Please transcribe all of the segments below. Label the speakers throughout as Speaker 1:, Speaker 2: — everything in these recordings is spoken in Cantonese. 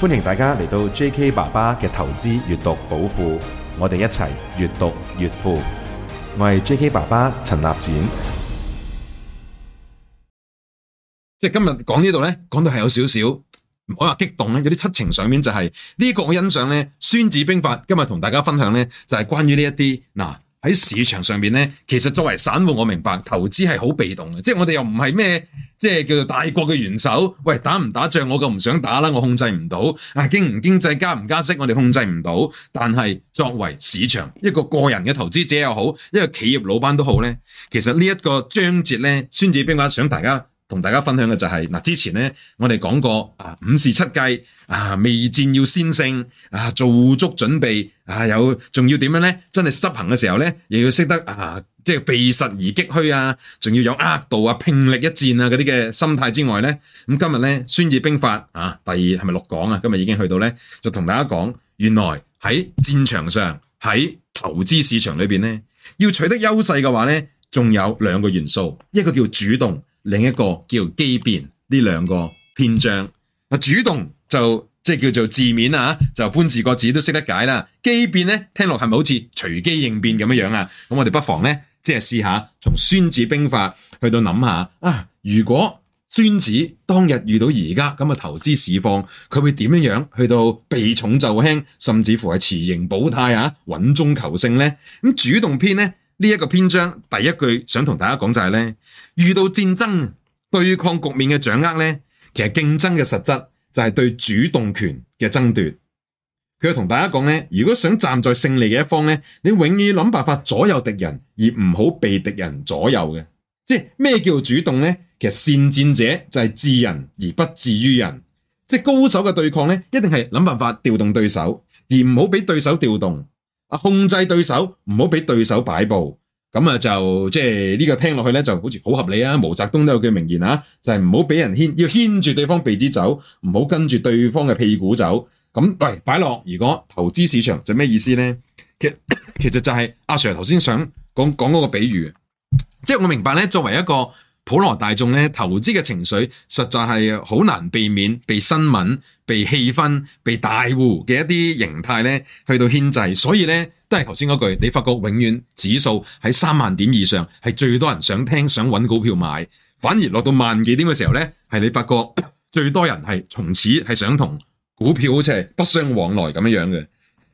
Speaker 1: 歡迎大家嚟到 J.K. 爸爸嘅投資閱讀寶庫，我哋一齊越讀越富。我係 J.K. 爸爸陳立展，今日講呢度呢，講到係有少少唔好話激動，有啲七情上面就係、是、呢、這個我欣賞呢《孫子兵法》。今日同大家分享呢，就係、是、關於呢一啲嗱喺市場上面呢，其實作為散戶，我明白投資係好被動嘅，即係我哋又唔係咩，即係叫做大國嘅元首。喂，打唔打仗我夠唔想打啦，我控制唔到。啊經唔經濟加唔加息，我哋控制唔到。但係作為市場一個個人嘅投資者又好，一個企業老闆都好呢。其實呢一個章節呢，孫子兵法想大家。同大家分享嘅就係、是、嗱，之前呢，我哋講過啊，五事七計啊，未戰要先勝啊，做足準備啊，有仲要點樣呢？真係執行嘅時候呢，又要識得啊，即、就、係、是、避實而擊虛啊，仲要有額度啊，拼力一戰啊，嗰啲嘅心態之外呢。咁今日呢，《孫子兵法》啊，第二係咪六講啊？今日已經去到呢，就同大家講，原來喺戰場上，喺投資市場裏邊呢，要取得優勢嘅話呢，仲有兩個元素，一個叫主動。另一個叫機變呢兩個篇章，主動就即叫做字面啊，就搬字個字都識得解啦。機變呢，聽落係咪好似隨機應變咁樣樣啊？咁我哋不妨呢，即係試下從孫子兵法去到諗下啊，如果孫子當日遇到而家咁嘅投資市況，佢會點樣樣去到避重就輕，甚至乎係持盈保泰啊，穩中求勝呢？咁主動篇呢。呢、這、一個篇章第一句想同大家講就係、是、咧，遇到戰爭對抗局面嘅掌握咧，其實競爭嘅實質就係對主動權嘅爭奪。佢同大家講咧，如果想站在勝利嘅一方咧，你永遠諗辦法左右敵人，而唔好被敵人左右嘅。即係咩叫主動咧？其實善戰者就係自人而不自於人致人而不致於人。即係高手嘅對抗咧，一定係諗辦法調動對手，而唔好俾對手調動。控制對手，唔好俾對手擺布，咁啊就即係呢個聽落去呢，就好似好合理啊！毛澤東都有句名言啊，就係唔好俾人牽，要牽住對方鼻子走，唔好跟住對方嘅屁股走。咁喂，擺落如果投資市場就咩意思呢？其實，其實就係阿 Sir 頭先想講講嗰個比喻，即係我明白呢，作為一個。普羅大眾咧，投資嘅情緒實在係好難避免被新聞、被氣氛、被大戶嘅一啲形態咧，去到牽制。所以咧，都係頭先嗰句，你發覺永遠指數喺三萬點以上係最多人想聽、想揾股票買，反而落到萬幾點嘅時候咧，係你發覺最多人係從此係想同股票好似係不相往來咁樣樣嘅。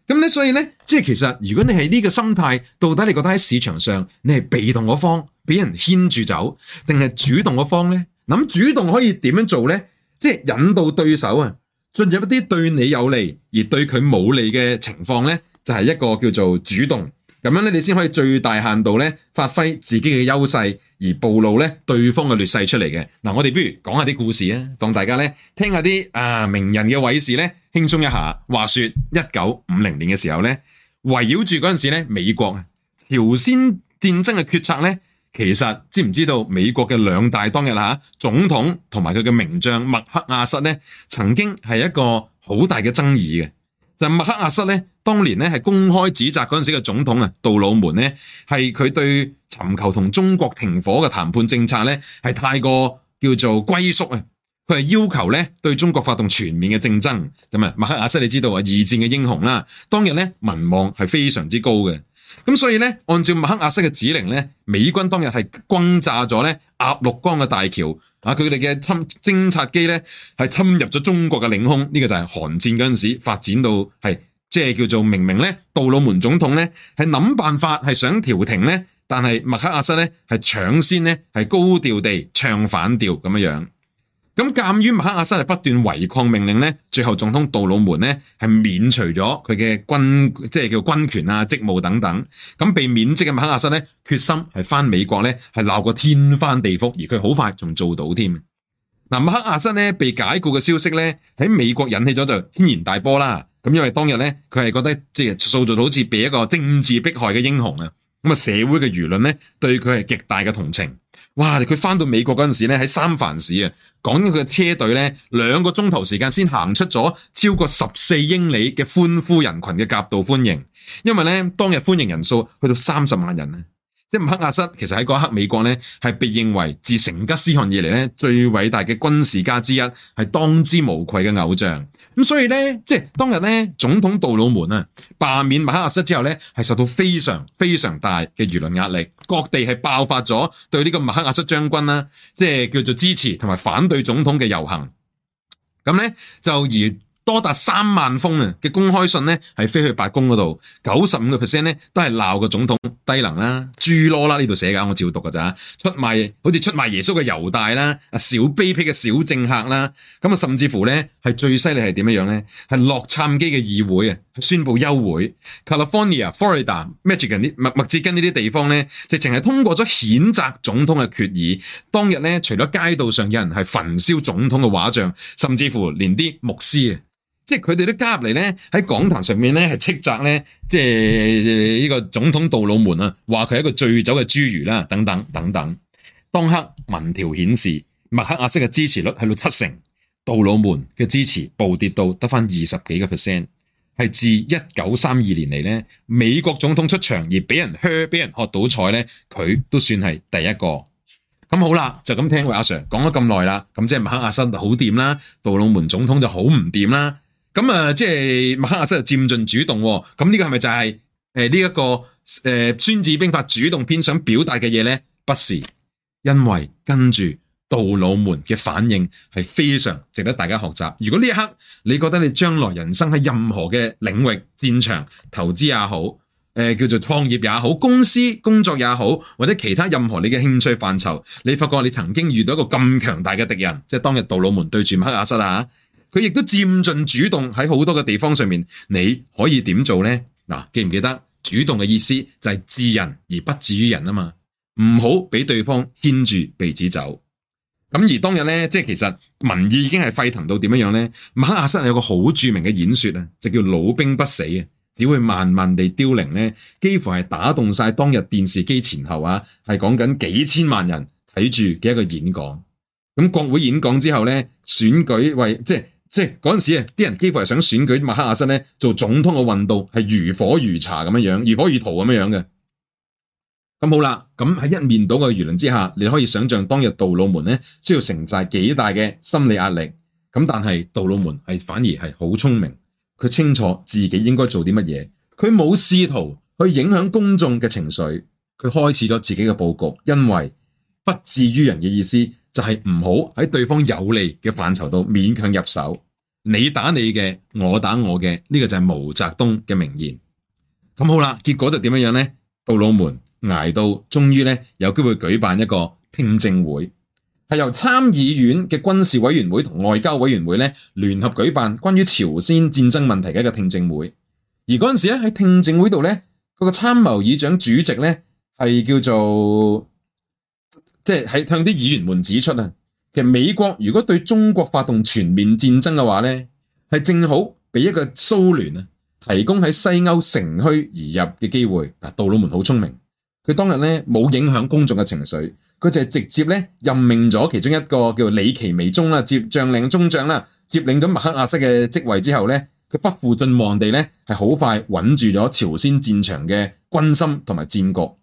Speaker 1: 咁咧，所以咧，即係其實如果你係呢個心態，到底你覺得喺市場上你係被動嗰方？被人牽住走，定係主動嗰方呢？諗主動可以點樣做呢？即係引導對手啊，進入一啲對你有利而對佢冇利嘅情況呢，就係、是、一個叫做主動。咁樣呢，你先可以最大限度咧發揮自己嘅優勢，而暴露咧對方嘅劣勢出嚟嘅。嗱，我哋不如講一下啲故事一一啊，當大家咧聽下啲啊名人嘅偉事咧，輕鬆一下。話說一九五零年嘅時候咧，圍繞住嗰陣時咧，美國朝鮮戰爭嘅決策咧。其實知唔知道美國嘅兩大當日啦吓，總統同埋佢嘅名將麥克阿瑟咧，曾經係一個好大嘅爭議嘅。就麥克阿瑟咧，當年咧係公開指責嗰陣時嘅總統啊，杜魯門咧，係佢對尋求同中國停火嘅談判政策咧，係太過叫做龜縮啊。佢係要求咧對中國發動全面嘅競爭。咁啊，麥克阿瑟你知道啊，二戰嘅英雄啦，當日咧民望係非常之高嘅。咁所以咧，按照麥克阿瑟嘅指令咧，美軍當日係轟炸咗咧鴨綠江嘅大橋，啊，佢哋嘅侵偵察機咧係侵入咗中國嘅領空，呢、這個就係韓戰嗰陣時發展到係即係叫做明明咧杜魯門總統咧係諗辦法係想調停咧，但係麥克阿瑟咧係搶先咧係高調地唱反調咁樣樣。咁鑒於麥克阿瑟不斷違抗命令呢，最後總統杜魯門呢係免除咗佢嘅軍，即係叫軍權啊、職務等等。咁被免職嘅麥克阿瑟呢，決心係返美國呢，係鬧個天翻地覆，而佢好快仲做到添。嗱，麥克阿瑟呢，被解雇嘅消息呢，喺美國引起咗就軒然大波啦。咁因為當日呢，佢係覺得即係塑造到好似俾一個政治迫害嘅英雄啊。咁啊，社會嘅輿論呢，對佢係極大嘅同情。哇！佢返到美國嗰陣時咧，喺三藩市啊，講到佢嘅車隊咧，兩個鐘頭時間先行出咗超過十四英里嘅歡呼人群嘅夾道歡迎，因為咧當日歡迎人數去到三十萬人啊！即係麥克阿瑟，其實喺嗰一刻，美國咧係被認為自成吉思汗以嚟咧最偉大嘅軍事家之一，係當之無愧嘅偶像。咁所以咧，即係當日咧，總統杜魯門啊罷免麥克阿瑟之後咧，係受到非常非常大嘅輿論壓力，各地係爆發咗對呢個麥克阿瑟將軍啦、啊，即係叫做支持同埋反對總統嘅遊行。咁咧就而。多達三萬封啊嘅公開信呢，係飛去白宮嗰度，九十五個 percent 咧都係鬧個總統低能啦，豬猡啦呢度寫噶，我照讀噶咋？出賣好似出賣耶穌嘅猶大啦，啊小卑鄙嘅小政客啦，咁啊甚至乎咧係最犀利係點樣樣咧？係洛杉磯嘅議會啊，係宣布休會。California、Florida、Michigan 呢密密芝根呢啲地方咧，直情係通過咗譴責總統嘅決議。當日咧，除咗街道上有人係焚燒總統嘅畫像，甚至乎連啲牧師啊。即係佢哋都加入嚟咧，喺講壇上面咧係斥責咧，即係呢個總統杜魯門啊，話佢係一個醉酒嘅侏儒啦，等等等等。當刻民調顯示，麥克阿瑟嘅支持率去到七成，杜魯門嘅支持暴跌到得翻二十幾個 percent，係自一九三二年嚟咧美國總統出場而俾人嘘、俾人喝倒彩咧，佢都算係第一個。咁好啦，就咁聽位阿 Sir 講咗咁耐啦，咁即係麥克阿瑟就好掂啦，杜魯門總統就好唔掂啦。咁啊，即係麥克阿瑟就佔盡主動，咁呢個係咪就係誒呢一個誒《孫子兵法》主動篇想表達嘅嘢呢？不是，因為跟住杜魯門嘅反應係非常值得大家學習。如果呢一刻你覺得你將來人生喺任何嘅領域戰場、投資也好，誒叫做創業也好、公司工作也好，或者其他任何你嘅興趣範疇，你發覺你曾經遇到一個咁強大嘅敵人，即係當日杜魯門對住麥克阿瑟啊吓。佢亦都佔盡主動喺好多嘅地方上面，你可以點做呢？嗱，記唔記得主動嘅意思就係致人而不致於人啊嘛，唔好俾對方牽住鼻子走。咁而當日呢，即係其實民意已經係沸騰到點樣呢？咧。麥克阿瑟有個好著名嘅演説啊，就叫老兵不死，只會慢慢地凋零咧。幾乎係打動晒當日電視機前後啊，係講緊幾千萬人睇住嘅一個演講。咁國會演講之後呢，選舉為即係。即嗰時啲人幾乎係想選舉麥克阿瑟做總統嘅運動，係如火如茶咁樣，如火如荼咁樣樣嘅。咁好啦，咁喺一面倒嘅輿論之下，你可以想象當日杜魯門需要承載幾大嘅心理壓力。咁但係杜魯門係反而係好聰明，佢清楚自己應該做啲乜嘢，佢冇試圖去影響公眾嘅情緒，佢開始咗自己嘅布局，因為不至於人嘅意思就係唔好喺對方有利嘅範疇度勉強入手。你打你的，我打我的，這個就是毛澤東的名言。咁好啦，結果就點樣呢咧？杜魯門挨到，終於咧有機會舉辦一個聽證會，係由參議院嘅軍事委員會和外交委員會聯合舉辦，關於朝鮮戰爭問題的一個聽證會。而那時咧喺聽證會度嗰個參謀議長主席是叫做，即係向啲議員們指出其實美國如果對中國發動全面戰爭嘅話呢，係正好俾一個蘇聯提供喺西歐乘虛而入嘅機會。道杜魯門好聰明，佢當日沒冇影響公眾嘅情緒，佢就直接任命咗其中一個叫李奇微中啦接將領中將啦接領咗麥克阿瑟嘅職位之後呢，佢不負眾望地呢係好快穩住咗朝鮮戰場嘅軍心同埋戰局。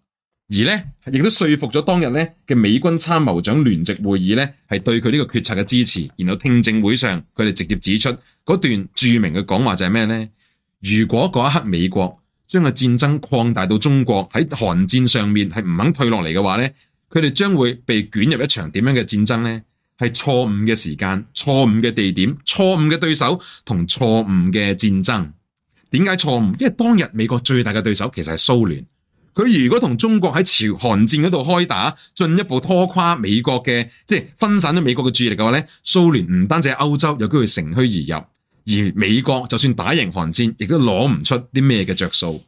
Speaker 1: 而呢亦都說服咗當日呢嘅美軍參謀長聯席會議呢，係對佢呢個決策嘅支持。然後聽證會上，佢哋直接指出嗰段著名嘅講話就係咩呢？如果嗰一刻美國將個戰爭擴大到中國喺韓戰上面係唔肯退落嚟嘅話呢，佢哋將會被捲入一場點樣嘅戰爭呢？係錯誤嘅時間、錯誤嘅地點、錯誤嘅對手同錯誤嘅戰爭。點解錯誤？因為當日美國最大嘅對手其實係蘇聯。佢如果同中國喺朝韓戰嗰度開打，進一步拖垮美國嘅，即係分散咗美國嘅注意力嘅話呢，蘇聯唔單止喺歐洲，有機會乘虛而入，而美國就算打贏韓戰，亦都攞唔出啲咩嘅着數。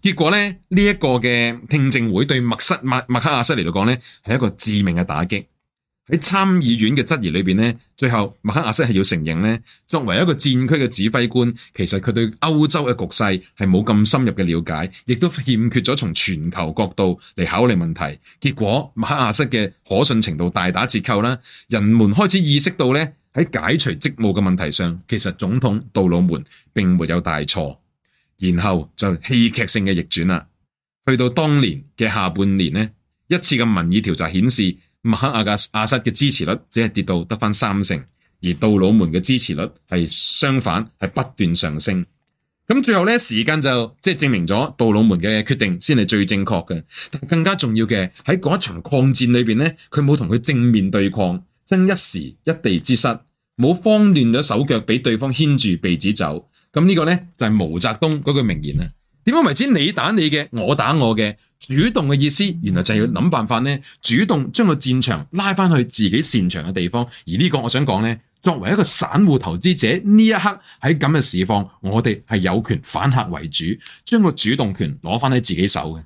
Speaker 1: 結果咧，呢、這、一個嘅聽證會對麥克、麥、麥克阿瑟嚟到講咧，係一個致命嘅打擊。喺參議院嘅質疑裏面呢，最後麥克阿瑟係要承認呢，作為一個戰區嘅指揮官，其實佢對歐洲嘅局勢係冇咁深入嘅了解，亦都欠缺咗從全球角度嚟考慮問題。結果麥克阿瑟嘅可信程度大打折扣啦，人們開始意識到呢，喺解除職務嘅問題上，其實總統杜魯門並沒有大錯。然後就戲劇性嘅逆轉啦，去到當年嘅下半年呢，一次嘅民意調查顯示。麥克阿瑟的支持率只是跌到得返三成，而杜魯門的支持率是相反，是不斷上升。最後咧，時間就證明了杜魯門的決定才是最正確的。但係更加重要的，在那一場抗戰裏面，佢冇同佢正面對抗，爭一時一地之失，冇慌亂咗手腳，畀對方牽住鼻子走。呢個咧就是毛澤東嗰句名言點解為之？你打你嘅，我打我嘅，主動嘅意思，原來就係要諗辦法咧，主動將個戰場拉翻去自己擅長嘅地方。而呢個，我想講咧，作為一個散戶投資者，呢一刻喺咁嘅時況，我哋係有權反客為主，將個主動權攞翻喺自己手嘅。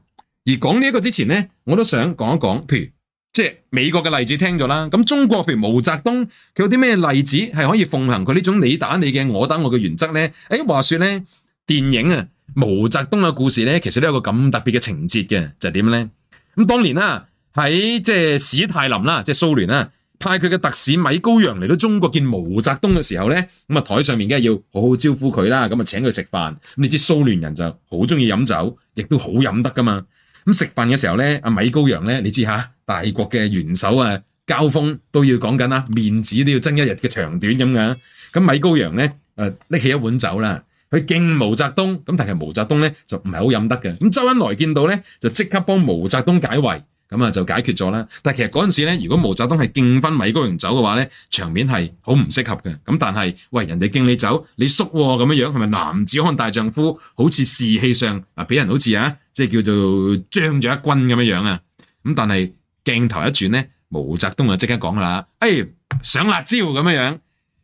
Speaker 1: 而講呢一個之前咧，我都想講一講，譬如即係美國嘅例子聽咗啦，咁中國譬如毛澤東，佢有啲咩例子係可以奉行佢呢種你打你嘅，我打我嘅原則咧？誒，話說咧，電影啊！毛澤東嘅故事咧，其實都有個咁特別嘅情節嘅，就係點咧？咁當年啦，喺即係史太林啦，即係蘇聯啦，派佢嘅特使米高揚嚟到中國見毛澤東嘅時候咧，咁啊台上面梗係要好好招呼佢啦，咁啊請佢食飯。咁你知蘇聯人就好中意飲酒，亦都好飲得噶嘛。咁食飯嘅時候咧，阿米高揚咧，你知吓大國嘅元首啊，交鋒都要講緊啦，面子都要爭一日嘅長短咁樣。咁米高揚咧，誒，拎起一碗酒啦。佢敬毛澤東，咁但係毛澤東咧就唔係好飲得嘅。咁周恩來見到咧，就即刻幫毛澤東解圍，咁啊就解決咗啦。但其實嗰陣時咧，如果毛澤東係敬翻米高揚酒嘅話咧，場面係好唔適合嘅。咁但係喂人哋敬你酒，你縮咁、哦、樣樣係咪男子漢大丈夫？好似士氣上啊，俾人好似啊，即係叫做將咗一軍」咁樣樣啊。咁但係鏡頭一轉咧，毛澤東啊即刻講啦：誒、哎、上辣椒咁樣。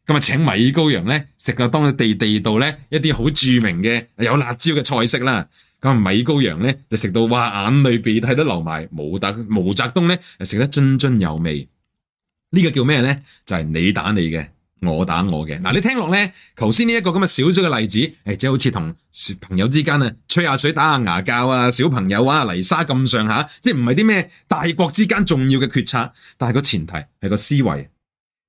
Speaker 1: 咁啊，請米高揚咧食個當地地道咧一啲好著名嘅有辣椒嘅菜式啦。咁米高揚咧就食到哇，眼淚鼻涕都流埋毛澤毛澤東咧就食得津津有味。呢個叫咩咧？就係你打你嘅，我打我嘅。嗱，你聽落咧，頭先呢一個咁嘅小小嘅例子，即係好似同朋友之間啊，吹下水打下牙教啊，小朋友啊，泥沙咁上下，即係唔係啲咩大國之間重要嘅決策？但係個前提係個思維，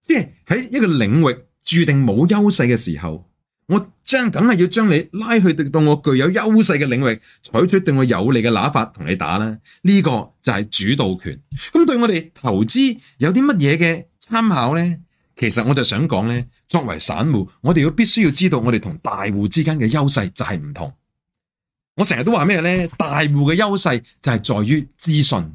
Speaker 1: 即係喺一個領域。注定冇優勢嘅時候，我將梗係要將你拉去到我具有優勢嘅領域，採取對我有利嘅打法同你打啦。呢個就係主導權。咁對我哋投資有啲乜嘢嘅參考呢？其實我就想講呢，作為散戶，我哋要必須要知道我哋同大戶之間嘅優勢就係唔同。我成日都話咩呢？大戶嘅優勢就係在於資訊。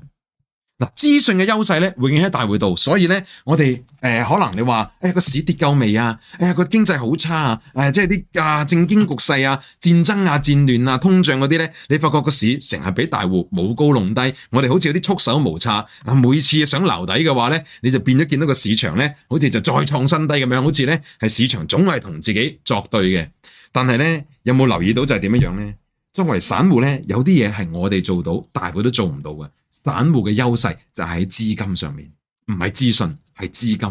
Speaker 1: 嗱，資訊嘅優勢呢，永遠喺大戶度。所以呢，我哋。誒，可能你話誒個市跌夠未啊？誒個經濟好差啊！誒，即係啲啊政經局勢啊、戰爭啊、戰亂啊、通脹嗰啲咧，你發覺個市成日俾大戶舞高弄低，我哋好似有啲束手無策啊。每次想留底嘅話咧，你就變咗見到個市場咧，好似就再創新低咁樣，好似咧係市場總係同自己作對嘅。但係咧有冇留意到就係點樣樣咧？作為散戶咧，有啲嘢係我哋做到，大戶都做唔到嘅。散戶嘅優勢就喺資金上面，唔係資訊。係資金，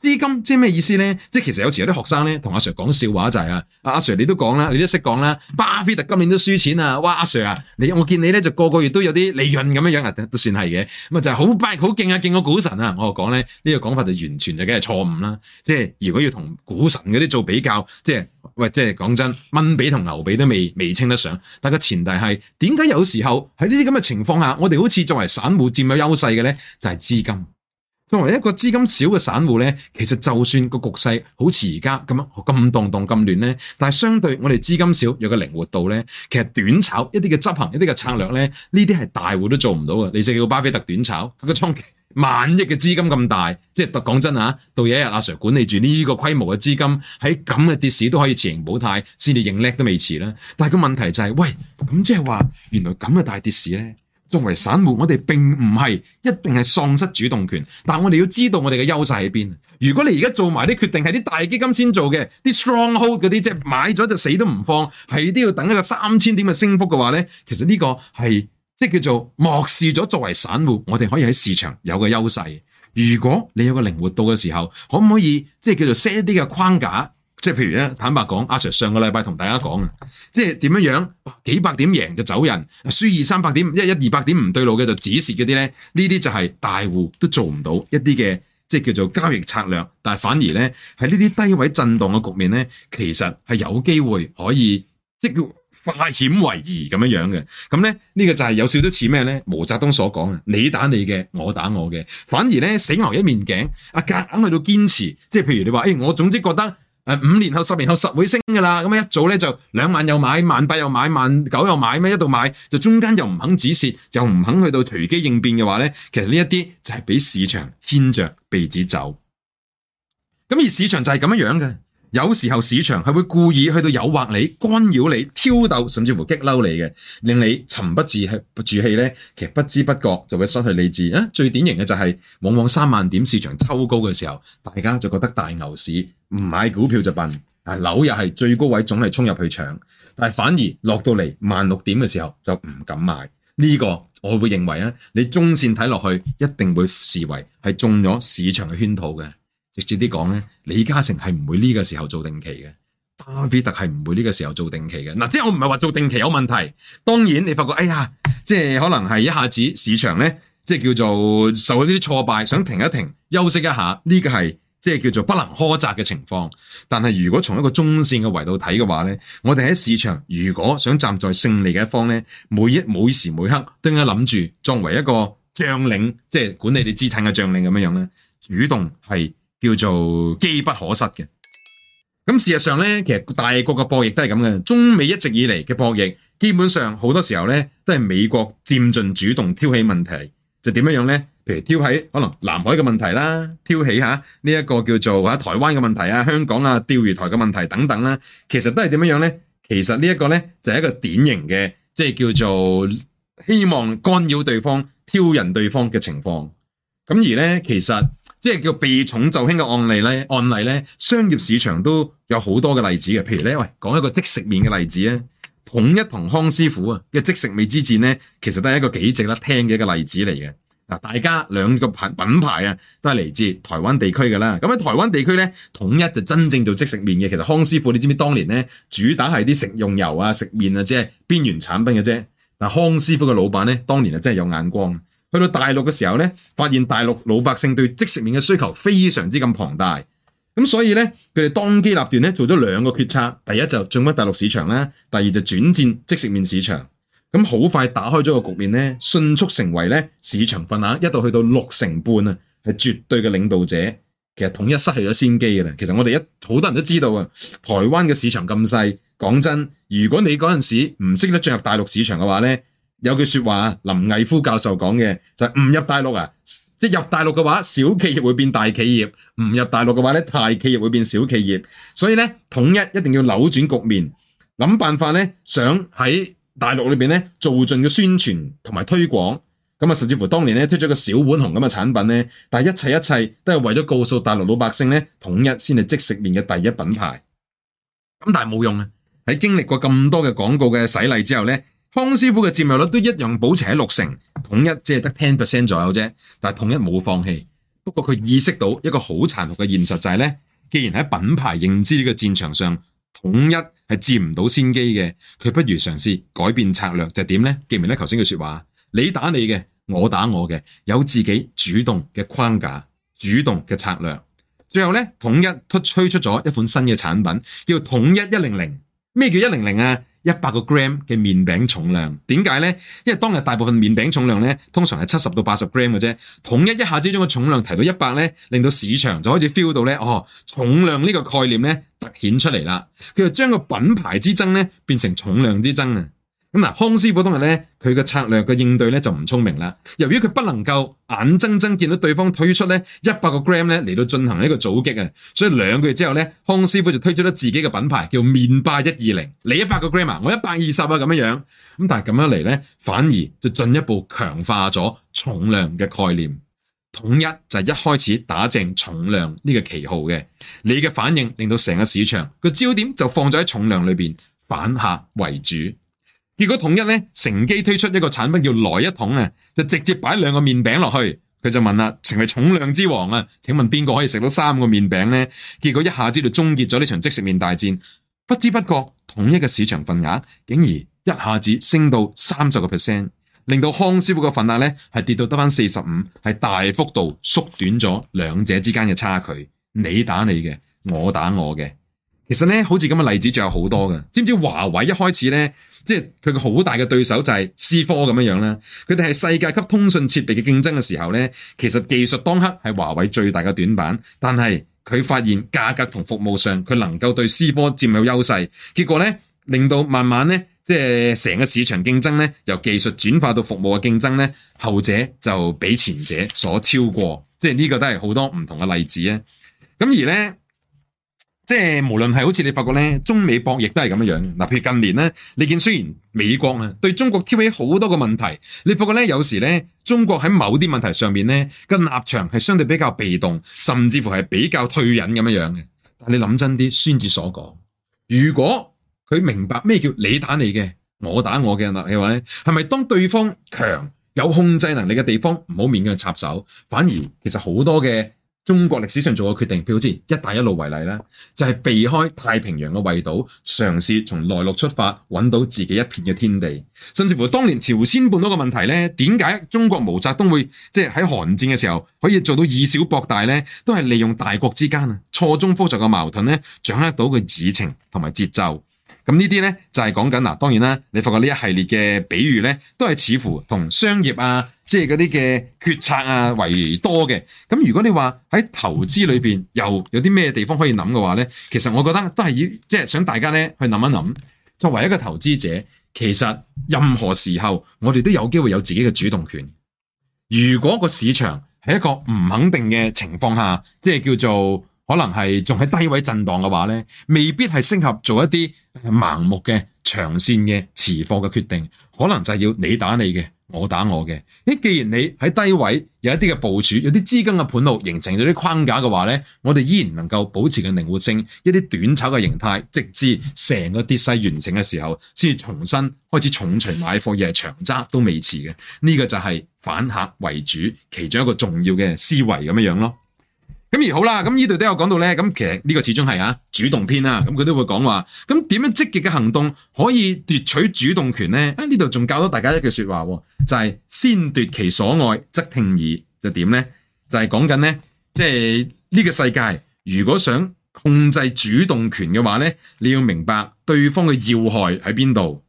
Speaker 1: 資金即係咩意思咧？即係其實有時有啲學生咧，同阿 Sir 講笑話就係啊，阿 Sir 你都講啦，你都識講啦，巴菲特今年都輸錢啊！哇，阿 Sir 啊，你我見你咧就個個月都有啲利潤咁樣樣啊，都算係嘅。咁啊就係好拜好勁啊，勁過股神啊！我講咧呢個講法就完全就梗係錯誤啦。即係如果要同股神嗰啲做比較，即係喂，即係講真，蚊比同牛比都未未稱得上。但個前提係點解有時候喺呢啲咁嘅情況下，我哋好似作為散戶佔有優勢嘅咧，就係資金。作為一個資金少嘅散戶呢，其實就算個局勢好似而家咁樣咁動盪咁亂呢，但係相對我哋資金少有個靈活度呢，其實短炒一啲嘅執行一啲嘅策略呢，呢啲係大戶都做唔到嘅。你就叫巴菲特短炒，佢個倉萬億嘅資金咁大，即係講真啊，到有一日阿 Sir 管理住呢個規模嘅資金，喺咁嘅跌市都可以持盈保泰，先至認叻都未遲啦。但係個問題就係，喂，咁即係話，原來咁嘅大跌市呢？作為散戶，我哋並唔係一定係喪失主動權，但我哋要知道我哋嘅優勢喺邊。如果你而家做埋啲決定係啲大基金先做嘅，啲 stronghold 嗰啲即係買咗就死都唔放，係都要等一個三千點嘅升幅嘅話咧，其實呢個係即係叫做漠視咗作為散戶，我哋可以喺市場有個優勢。如果你有個靈活度嘅時候，可唔可以即係叫做 set 一啲嘅框架？即係譬如咧，坦白講，阿 Sir 上個禮拜同大家講啊，即係點樣樣幾百點贏就走人，輸二三百點，一一二百點唔對路嘅就止蝕嗰啲咧，呢啲就係大戶都做唔到一啲嘅，即係叫做交易策略。但係反而咧，喺呢啲低位震盪嘅局面咧，其實係有機會可以即係叫化險為夷咁樣樣嘅。咁咧呢個就係有少少似咩咧？毛澤東所講嘅，你打你嘅，我打我嘅。反而咧，死牛一面頸，阿夾硬去到堅持。即係譬如你話，誒、欸，我總之覺得。五年後、十年後，十，年後實會升㗎喇，噉一早呢就兩萬又買，萬八又買，萬九又買咩？一度買就中間又唔肯止蝕，又唔肯去到隨機應變嘅話呢，其實呢一啲就係俾市場牽着鼻子走。而市場就係這樣嘅，有時候市場係會故意去到誘惑你、干擾你、挑逗甚至乎激嬲你嘅，令你沉不，不住氣，住氣呢，其實不知不覺就會失去理智。最典型嘅就係往往三萬點市場抽高嘅時候，大家就覺得大牛市。唔買股票就笨啊！樓又係最高位，總係衝入去搶，但係反而落到嚟萬六點嘅時候就唔敢買。呢個我會認為呢你中線睇落去一定會視為係中咗市場嘅圈套嘅。直接啲講咧，李嘉誠係唔會呢個時候做定期嘅，巴菲特係唔會呢個時候做定期嘅。嗱，即係我唔係話做定期有問題，當然你發覺，哎呀，即係可能係一下子市場咧，即係叫做受咗啲挫敗，想停一停，休息一下，呢個係。即係叫做不能苛責嘅情況，但係如果從一個中線嘅維度睇嘅話咧，我哋喺市場如果想站在勝利嘅一方咧，每一每時每刻都應該諗住作為一個將領，即係管理你資產嘅將領咁樣樣咧，主動係叫做機不可失嘅。咁事實上咧，其實大國嘅博弈都係咁嘅，中美一直以嚟嘅博弈，基本上好多時候咧都係美國佔盡主動，挑起問題就點樣樣咧？譬如挑起可能南海嘅問題啦，挑起吓呢一個叫做吓台灣嘅問題啊，香港啊釣魚台嘅問題等等啦，其實都係點樣樣咧？其實呢一個咧就係一個典型嘅，即係叫做希望干擾對方、挑釁對方嘅情況。咁而咧，其實即係叫避重就輕嘅案例咧，案例咧，商業市場都有好多嘅例子嘅。譬如咧，喂，講一個即食麵嘅例子啊，統一同康師傅啊嘅即食麵之戰咧，其實都係一個幾值得聽嘅一個例子嚟嘅。大家兩個品牌啊，都係嚟自台灣地區㗎啦。咁喺台灣地區咧，統一就真正做即食麵嘅。其實康師傅，你知唔知當年咧主打係啲食用油啊、食麵啊，即係邊緣產品嘅、啊、啫。嗱，康師傅嘅老闆咧，當年啊真係有眼光，去到大陸嘅時候咧，發現大陸老百姓對即食麵嘅需求非常之咁龐大，咁所以咧佢哋當機立斷咧做咗兩個決策，第一就進軍大陸市場啦，第二就轉戰即食麵市場。咁好快打開咗個局面咧，迅速成為咧市場份額，一度去到六成半啊，係絕對嘅領導者。其實統一失去咗先機嘅啦。其實我哋一好多人都知道啊，台灣嘅市場咁細，講真，如果你嗰陣時唔識得進入大陸市場嘅話咧，有句說話啊，林毅夫教授講嘅就係唔入大陸啊，即入大陸嘅話，小企業會變大企業；唔入大陸嘅話咧，大企業會變小企業。所以咧，統一一定要扭轉局面，諗辦法咧，想喺大陸裏面呢做盡嘅宣傳同埋推廣，咁啊，甚至乎當年呢推出個小碗紅咁嘅產品呢，但一切一切都係為咗告訴大陸老百姓呢，統一先係即食麵嘅第一品牌。咁但係冇用啊！喺經歷過咁多嘅廣告嘅洗禮之後呢，康師傅嘅佔有率都一樣保持喺六成，統一只係得 ten percent 左右啫。但係統一冇放棄，不過佢意識到一個好殘酷嘅現實就係呢，既然喺品牌認知呢個戰場上，統一係佔唔到先機嘅，佢不如嘗試改變策略，就點呢？記唔記得頭先佢說話？你打你嘅，我打我嘅，有自己主動嘅框架、主動嘅策略。最後呢，統一推出咗一款新嘅產品，叫統一一零零。咩叫一零零啊？一百個 gram 嘅麵餅重量。點解呢？因為當日大部分麵餅重量通常係七十到八十 gram 嘅啫。統一一下子中嘅重量提到一百呢，令到市場就開始 feel 到，哦，重量呢個概念呢，突顯出嚟啦。佢就將個品牌之爭咧變成重量之爭！咁嗱，康師傅當日咧，佢嘅策略嘅應對咧就唔聰明啦。由於佢不能夠眼睜睜見到對方推出咧一百個 gram 咧嚟到進行一個阻擊啊，所以兩個月之後咧，康師傅就推出咗自己嘅品牌叫麵霸一二零。你一百個 gram，我一百二十啊，咁樣樣。咁但係咁樣嚟咧，反而就進一步強化咗重量嘅概念。統一就係一開始打正重量呢個旗號嘅，你嘅反應令到成個市場個焦點就放咗喺重量裏邊，反客為主。結果統一呢，乘機推出一個產品叫來一桶啊，就直接擺兩個麵餅落去。佢就問啦：成為重量之王啊？請問邊個可以食到三個麵餅呢？結果一下子就終結咗呢場即食麵大戰。不知不覺，統一嘅市場份額竟然一下子升到三十個 percent，令到康師傅嘅份額呢係跌到得返四十五，係大幅度縮短咗兩者之間嘅差距。你打你嘅，我打我嘅。其實咧，好似咁嘅例子仲有好多嘅。知唔知華為一開始咧，即係佢個好大嘅對手就係思科咁樣樣咧。佢哋係世界級通訊設備嘅競爭嘅時候咧，其實技術當刻係華為最大嘅短板。但係佢發現價格同服務上，佢能夠對思科佔有優勢。結果咧，令到慢慢咧，即係成個市場競爭咧，由技術轉化到服務嘅競爭咧，後者就比前者所超過。即係呢個都係好多唔同嘅例子啊。咁而咧。即係無論係好似你發覺咧，中美博弈都係咁樣樣。嗱，譬如近年咧，你見雖然美國啊對中國挑起好多個問題，你發覺咧有時咧，中國喺某啲問題上面咧，個立場係相對比較被動，甚至乎係比較退隱咁樣樣嘅。但你諗真啲，孫子所講，如果佢明白咩叫你打你嘅，我打我嘅啦，你話咧係咪？係咪當對方強有控制能力嘅地方，唔好勉強插手，反而其實好多嘅中國歷史上做嘅決定，譬如一帶一路為例就係避開太平洋嘅圍堵，嘗試從內陸出發，搵到自己一片嘅天地。甚至乎當年朝鮮半島嘅問題呢，點解中國毛澤東會即係喺韓戰嘅時候可以做到以小搏大呢？都係利用大國之間錯綜複雜嘅矛盾呢，掌握到嘅議程同埋節奏。咁呢啲咧就係講緊嗱，當然啦，你發覺呢一系列嘅比喻咧，都係似乎同商業啊，即係嗰啲嘅決策啊為多嘅。咁如果你話喺投資裏面又有啲咩地方可以諗嘅話咧，其實我覺得都係以即係想大家咧去諗一諗。作為一個投資者，其實任何時候我哋都有機會有自己嘅主動權。如果個市場喺一個唔肯定嘅情況下，即係叫做，可能係仲喺低位震盪嘅話咧，未必係適合做一啲盲目嘅長線嘅持貨嘅決定。可能就係要你打你嘅，我打我嘅。誒，既然你喺低位有一啲嘅部署，有啲資金嘅盤路形成咗啲框架嘅話咧，我哋依然能夠保持嘅靈活性，一啲短炒嘅形態，直至成個跌勢完成嘅時候，先至重新開始重錘買貨，而係長揸都未遲嘅。呢個就係反客為主其中一個重要嘅思維咁樣樣咯。咁而好啦，咁呢度都有講到呢。咁其實呢個始終係啊主動篇啦，咁佢都會講話，咁點樣積極嘅行動可以奪取主動權呢？呢度仲教多大家一句說話，就係「先奪其所愛，則聽矣」。就點呢？就係講緊呢，即係呢個世界如果想控制主動權嘅話呢，你要明白對方嘅要害喺邊度。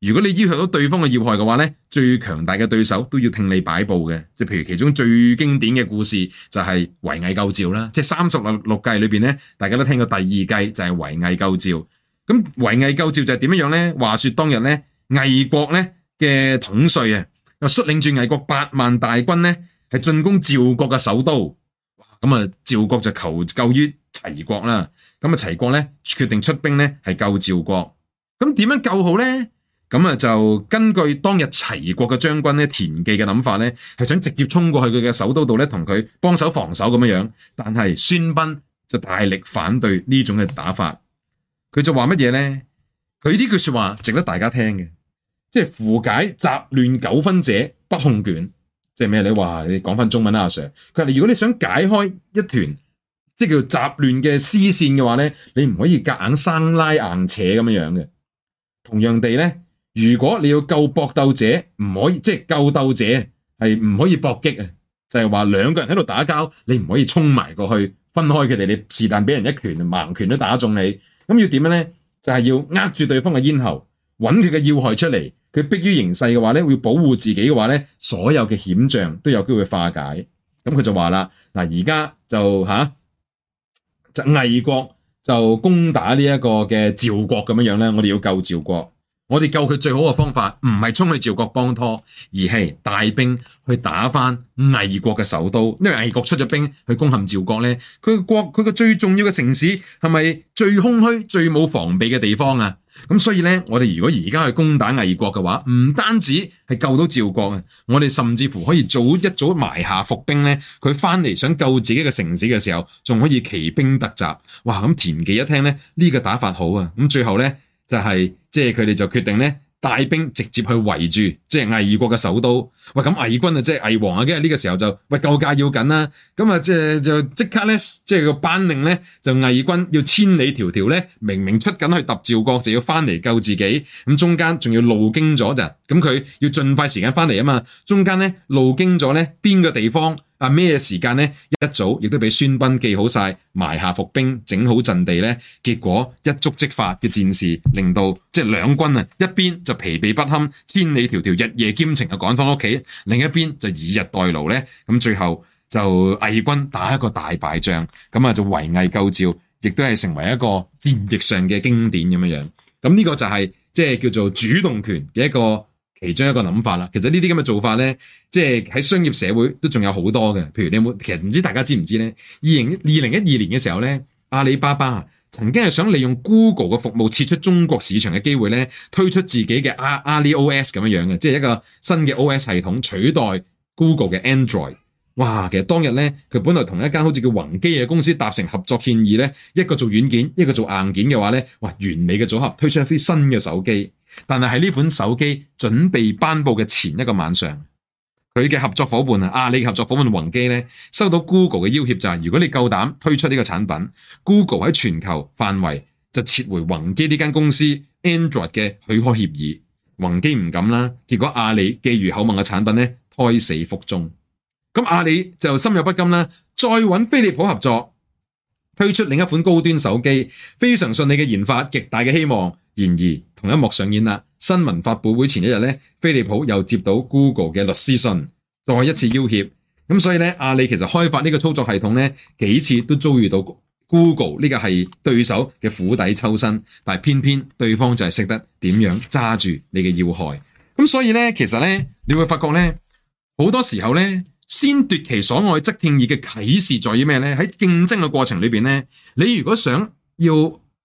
Speaker 1: 如果你依靠到對方嘅要害嘅話咧，最強大嘅對手都要聽你擺布嘅。即譬如其中最經典嘅故事就係圍魏救趙啦。即係三十六計裏邊咧，大家都聽過第二計就係圍魏救趙。咁圍魏救趙就係點樣樣咧？話說當日咧，魏國咧嘅統帥啊，又率領住魏國八萬大軍咧，係進攻趙國嘅首都。咁啊，趙國就求救於齊國啦。咁啊，齊國咧決定出兵咧係救趙國。咁點樣救好咧？咁啊，就根據當日齊國嘅將軍咧，田忌嘅諗法咧，係想直接衝過去佢嘅首都度咧，同佢幫手防守咁樣樣。但係孫臏就大力反對呢種嘅打法，佢就話乜嘢咧？佢呢句說話值得大家聽嘅，即係夫解雜亂糾紛者不控捲，即係咩？你話你講翻中文啦，阿 Sir。佢話：如果你想解開一團即係叫雜亂嘅絲線嘅話咧，你唔可以夾硬生拉硬扯咁樣樣嘅。同樣地咧。如果你要救搏鬥者，唔可以即係救鬥者，係唔可以搏擊啊！就係話兩個人喺度打交，你唔可以衝埋過去分開佢哋。你是但俾人一拳盲拳都打中你，咁要點樣咧？就係、是、要握住對方嘅咽喉，揾佢嘅要害出嚟。佢迫於形勢嘅話咧，會保護自己嘅話咧，所有嘅險象都有機會化解。咁佢就話啦，嗱而家就吓，啊、就魏國就攻打呢一個嘅趙國咁樣樣咧，我哋要救趙國。我哋救佢最好嘅方法，唔係衝去趙國幫拖，而係帶兵去打返魏國嘅首都。因為魏國出咗兵去攻陷趙國呢，佢國佢個最重要嘅城市係咪最空虛、最冇防備嘅地方啊？咁所以呢，我哋如果而家去攻打魏國嘅話，唔單止係救到趙國啊，我哋甚至乎可以早一早埋下伏兵呢，佢翻嚟想救自己嘅城市嘅時候，仲可以奇兵突襲。哇！咁田忌一聽呢，呢、這個打法好啊。咁最後呢。就係、是，即係佢哋就決定咧，帶兵直接去圍住，即、就、係、是、魏國嘅首都。喂，咁魏軍即係魏王啊，今日呢個時候就，喂，救駕要緊啦。咁啊，即係就即刻咧，即係頒令呢，就魏軍要千里迢迢呢，明明出緊去打趙國，就要返嚟救自己。咁中間仲要路經咗就，咁佢要盡快時間返嚟啊嘛。中間呢，路經咗呢邊個地方？啊咩時間呢？一早亦都俾孫臏記好晒，埋下伏兵，整好陣地呢。結果一觸即發嘅戰事，令到即係兩軍啊一邊就疲憊不堪，千里迢迢日夜兼程啊趕翻屋企；另一邊就以逸待勞咧。咁最後就魏軍打一個大敗仗，咁啊就圍魏救趙，亦都係成為一個戰役上嘅經典咁樣樣。咁呢個就係即係叫做主動權嘅一個。其中一個諗法啦，其實呢啲咁嘅做法咧，即係喺商業社會都仲有好多嘅。譬如你有冇，其實唔知大家知唔知咧？二零二零一二年嘅時候咧，阿里巴巴曾經係想利用 Google 嘅服務撤出中國市場嘅機會咧，推出自己嘅阿里 OS 咁樣樣嘅，即係一個新嘅 OS 系統取代 Google 嘅 Android。哇！其實當日呢，佢本來同一間好似叫宏基嘅公司達成合作協議呢，一個做軟件，一個做硬件嘅話呢，哇！完美嘅組合推出了一啲新嘅手機。但係喺呢款手機準備頒布嘅前一個晚上，佢嘅合作伙伴，阿里的合作伙伴宏基呢，收到 Google 嘅要挾，就是，就係如果你夠膽推出呢個產品，Google 喺全球範圍就撤回宏基呢間公司 Android 嘅許可協議。宏基唔敢啦，結果阿里寄予厚望嘅產品呢，胎死腹中。咁阿里就心有不甘啦，再搵飛利浦合作推出另一款高端手機，非常順利嘅研發，極大嘅希望。然而同一幕上演啦，新聞發布會前一日呢，飛利浦又接到 Google 嘅律師信，再一次要挾。咁所以呢，阿里其實開發呢個操作系統呢，幾次都遭遇到 Google 呢個係對手嘅釜底抽薪。但偏偏對方就係識得點樣揸住你嘅要害。咁所以呢，其實呢，你會發覺呢，好多時候呢。先奪其所愛則聽矣嘅啟示在於咩呢？喺競爭嘅過程裏邊呢，你如果想要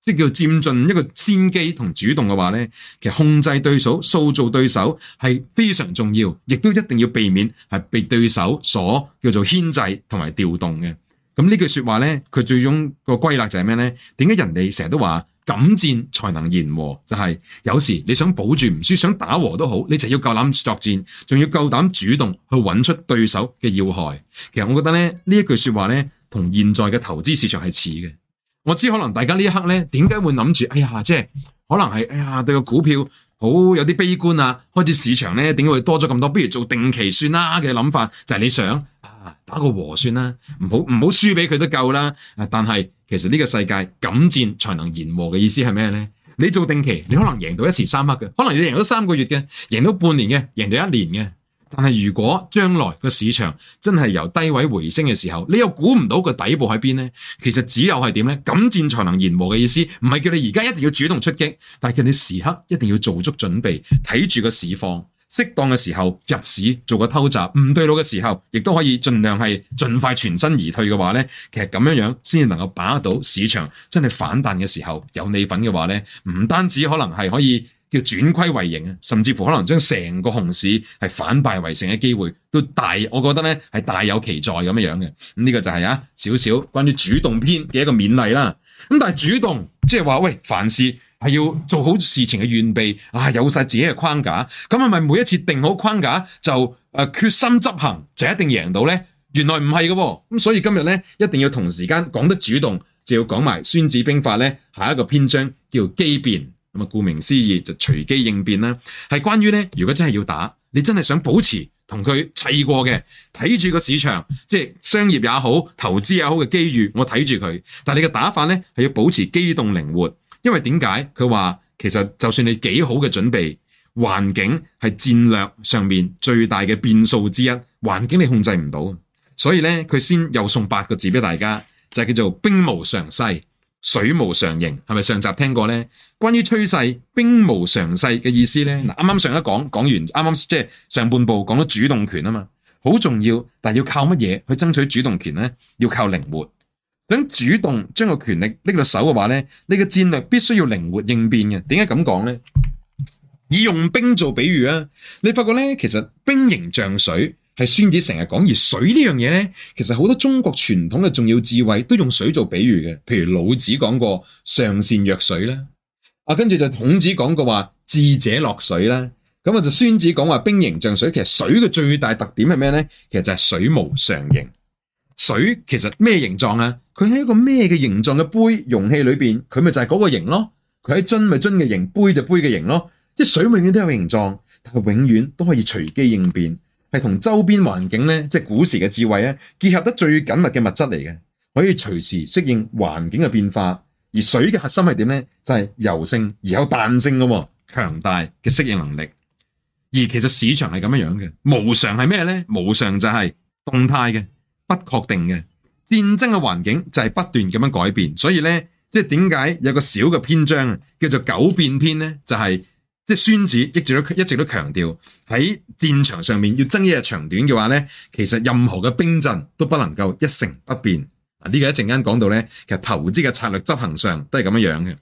Speaker 1: 即係叫佔盡一個先機同主動嘅話呢，其實控制對手、塑造對手係非常重要，亦都一定要避免係被對手所叫做牽制同埋調動嘅。咁呢句說話呢，佢最終個歸納就係咩呢？點解人哋成日都話？敢戰才能言和，就係、是、有時你想保住唔輸，想打和都好，你就要夠膽作戰，仲要夠膽主動去揾出對手嘅要害。其實我覺得咧呢一句說話咧，同現在嘅投資市場係似嘅。我知可能大家呢一刻咧，點解會諗住，哎呀，即係可能係，哎呀，對個股票。好有啲悲觀啊，開始市場呢，點解會多咗咁多？不如做定期算啦嘅諗法，就係、是、你想啊，打個和算啦，唔好唔好輸俾佢都夠啦。但係其實呢個世界敢戰才能言和嘅意思係咩呢？你做定期，你可能贏到一時三刻嘅，可能你贏到三個月嘅，贏到半年嘅，贏到一年嘅。但係如果將來個市場真係由低位回升嘅時候，你又估唔到個底部喺邊呢？其實只有係點呢？敢戰才能言和嘅意思，唔係叫你而家一定要主動出擊，但係叫你時刻一定要做足準備，睇住個市況，適當嘅時候入市做個偷襲，唔對路嘅時候，亦都可以盡量係盡快全身而退嘅話呢。其實咁樣樣先至能夠把握到市場真係反彈嘅時候有你份嘅話呢，唔單止可能係可以。叫轉虧為盈啊，甚至乎可能將成個熊市係反敗為勝嘅機會都大，我覺得咧係大有其在咁樣嘅。咁、嗯、呢、這個就係啊少少關於主動篇嘅一個勉勵啦。咁、嗯、但係主動即係話喂，凡事係要做好事情嘅預備，啊有晒自己嘅框架，咁係咪每一次定好框架就誒、呃、決心執行就一定贏到咧？原來唔係嘅喎，咁所以今日咧一定要同時間講得主動，就要講埋《孫子兵法》呢咧下一個篇章叫機變。顧名思義就隨機應變啦。係關於呢，如果真係要打，你真係想保持同佢砌過嘅，睇住個市場，即係商業也好、投資也好嘅機遇，我睇住佢。但係你嘅打法呢係要保持機動靈活。因為點解佢話，其實就算你幾好嘅準備，環境係戰略上面最大嘅變數之一，環境你控制唔到。所以呢，佢先又送八個字俾大家，就係叫做兵無常勢。水無常形，係咪上集聽過呢？關於趨勢，兵無常勢的意思呢，啱啱上一講講完，啱啱即係上半部講咗主動權啊嘛，好重要，但係要靠乜嘢去爭取主動權呢？要靠靈活。等主動將個權力拎到手嘅話呢，你個戰略必須要靈活應變嘅。點解咁講呢？以用兵做比喻啊，你發覺咧，其實兵形像水。係孫子成日講而「水」呢樣嘢呢，其實好多中國傳統嘅重要智慧都用水做比喻嘅。譬如老子講過上善若水啦，啊，跟住就孔子講過話智者樂水啦。咁啊就孫子講話兵形象水，其實水嘅最大特點係咩呢？其實就係水無常形。水其實咩形狀啊？佢喺一個咩嘅形狀嘅杯容器裏面，佢咪就係嗰個形咯。佢喺樽咪樽嘅形，杯就是杯嘅形咯。即水永遠都有形狀，但係永遠都可以隨機應變。係同周邊環境咧，即係古時嘅智慧咧，結合得最緊密嘅物質嚟嘅，可以隨時適應環境嘅變化。而水嘅核心係點咧？就係柔性而有彈性嘅、強大嘅適應能力。而其實市場係咁樣樣嘅。無常係咩咧？無常就係動態嘅、不確定嘅。戰爭嘅環境就係不斷咁樣改變，所以咧，即係點解有個小嘅篇章叫做《九變篇》咧，就係。即孫子一直都一直都強調喺戰場上面要爭一日長短嘅話咧，其實任何嘅兵陣都不能夠一成不變。啊，呢個一陣間講到咧，其實投資嘅策略執行上都係咁樣樣嘅。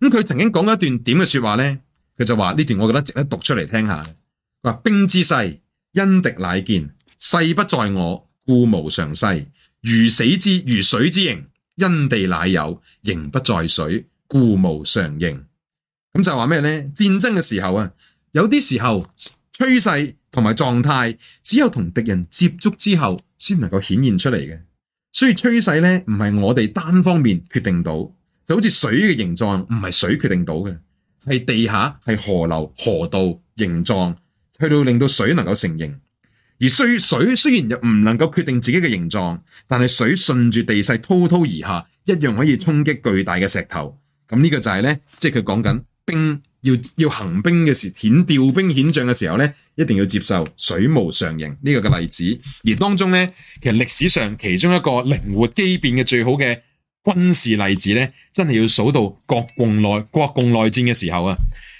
Speaker 1: 咁佢曾經講一段點嘅說話咧，佢就話呢段我覺得值得讀出嚟聽下。佢話兵之勢因敵乃見，勢不在我，故無常勢；如死之如水之形，因地乃有，形不在水，故無常形。咁就話咩咧？戰爭嘅時候啊，有啲時候趨勢同埋狀態，只有同敵人接觸之後，先能夠顯現出嚟嘅。所以趨勢咧，唔係我哋單方面決定到，就好似水嘅形狀，唔係水決定到嘅，係地下係河流河道形狀，去到令到水能夠成形。而水水雖然又唔能夠決定自己嘅形狀，但係水順住地勢滔滔而下，一樣可以衝擊巨大嘅石頭。咁呢個就係咧，即係佢講緊。兵要要行兵嘅時候，調兵遣將嘅時候咧，一定要接受水無常形呢個嘅例子。而當中咧，其實歷史上其中一個靈活機變嘅最好嘅軍事例子咧，真係要數到國共內國共內戰嘅時候啊！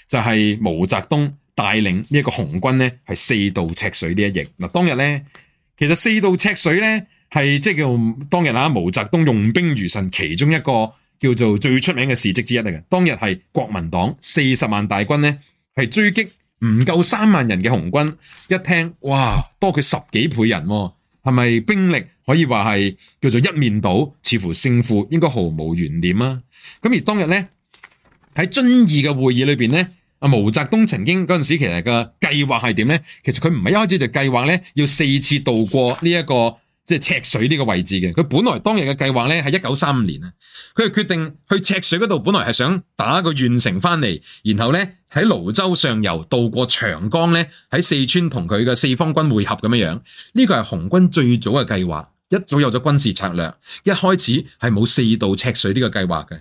Speaker 1: 就係毛澤東帶領呢一個紅軍咧，係四渡赤水呢一役。嗱，當日咧，其實四渡赤水咧，係即係叫當日啊，毛澤東用兵如神其中一個。叫做最出名嘅事蹟之一嚟嘅，當日係國民黨四十萬大軍咧，係追擊唔夠三萬人嘅紅軍，一聽哇，多佢十幾倍人，啊，係咪兵力可以話係叫做一面倒，似乎勝負應該毫無懸念啊！咁而當日咧喺遵義嘅會議裏邊咧，阿毛澤東曾經嗰陣時其實嘅計劃係點咧？其實佢唔係一開始就計劃咧要四次渡過呢、這、一個。即係赤水呢個位置嘅，佢本來當日嘅計劃咧係一九三五年啊，佢就決定去赤水嗰度，本來係想打個縣城翻嚟，然後咧喺瀘州上游渡過長江咧，喺四川同佢嘅四方軍會合咁樣樣。呢個係紅軍最早嘅計劃，一早有咗軍事策略，一開始係冇四渡赤，赤水呢個計劃嘅。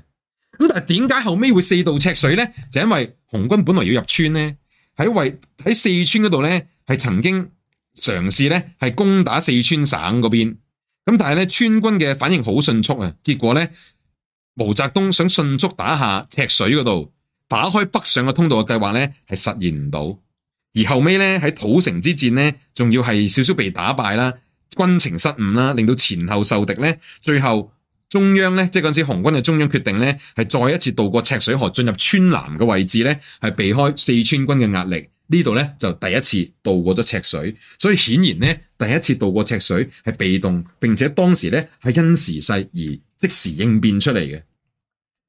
Speaker 1: 咁但係點解後尾會四渡赤水咧？就因為紅軍本來要入川咧，係因為喺四川嗰度咧係曾經嘗試呢係攻打四川省嗰邊，咁但係呢，川軍嘅反應好迅速啊，結果呢，毛澤東想迅速打下赤水嗰度，打開北上嘅通道嘅計劃呢係實現唔到，而後尾呢，喺土城之戰呢，仲要係少少被打敗啦，軍情失誤啦，令到前後受敵呢，最後中央呢，即嗰陣時紅軍嘅中央決定呢，係再一次渡過赤水河進入川南嘅位置呢，係避開四川軍嘅壓力。呢度呢，就第一次渡過咗赤水，所以顯然呢，第一次渡過赤水係被動，並且當時呢係因時勢而即時應變出嚟嘅。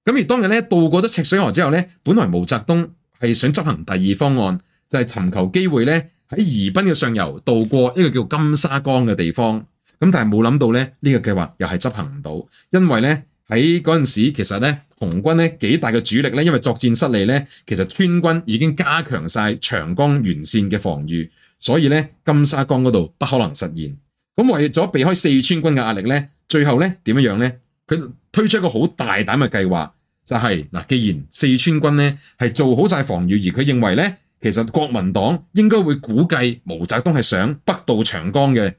Speaker 1: 咁而當日呢，渡過咗赤水河之後呢，本來毛澤東係想執行第二方案，就係、是、尋求機會呢，喺宜賓嘅上游渡過一個叫金沙江嘅地方。咁但係冇諗到呢，呢、這個計劃又係執行唔到，因為呢。喺嗰陣時，其實咧紅軍咧幾大嘅主力咧，因為作戰失利咧，其實川軍已經加強晒長江沿線嘅防御，所以咧金沙江嗰度不可能實現。咁為咗避開四川軍嘅壓力咧，最後咧點樣樣咧？佢推出一個好大膽嘅計劃，就係、是、嗱，既然四川軍咧係做好晒防御，而佢認為咧，其實國民黨應該會估計毛澤東係想北渡長江嘅，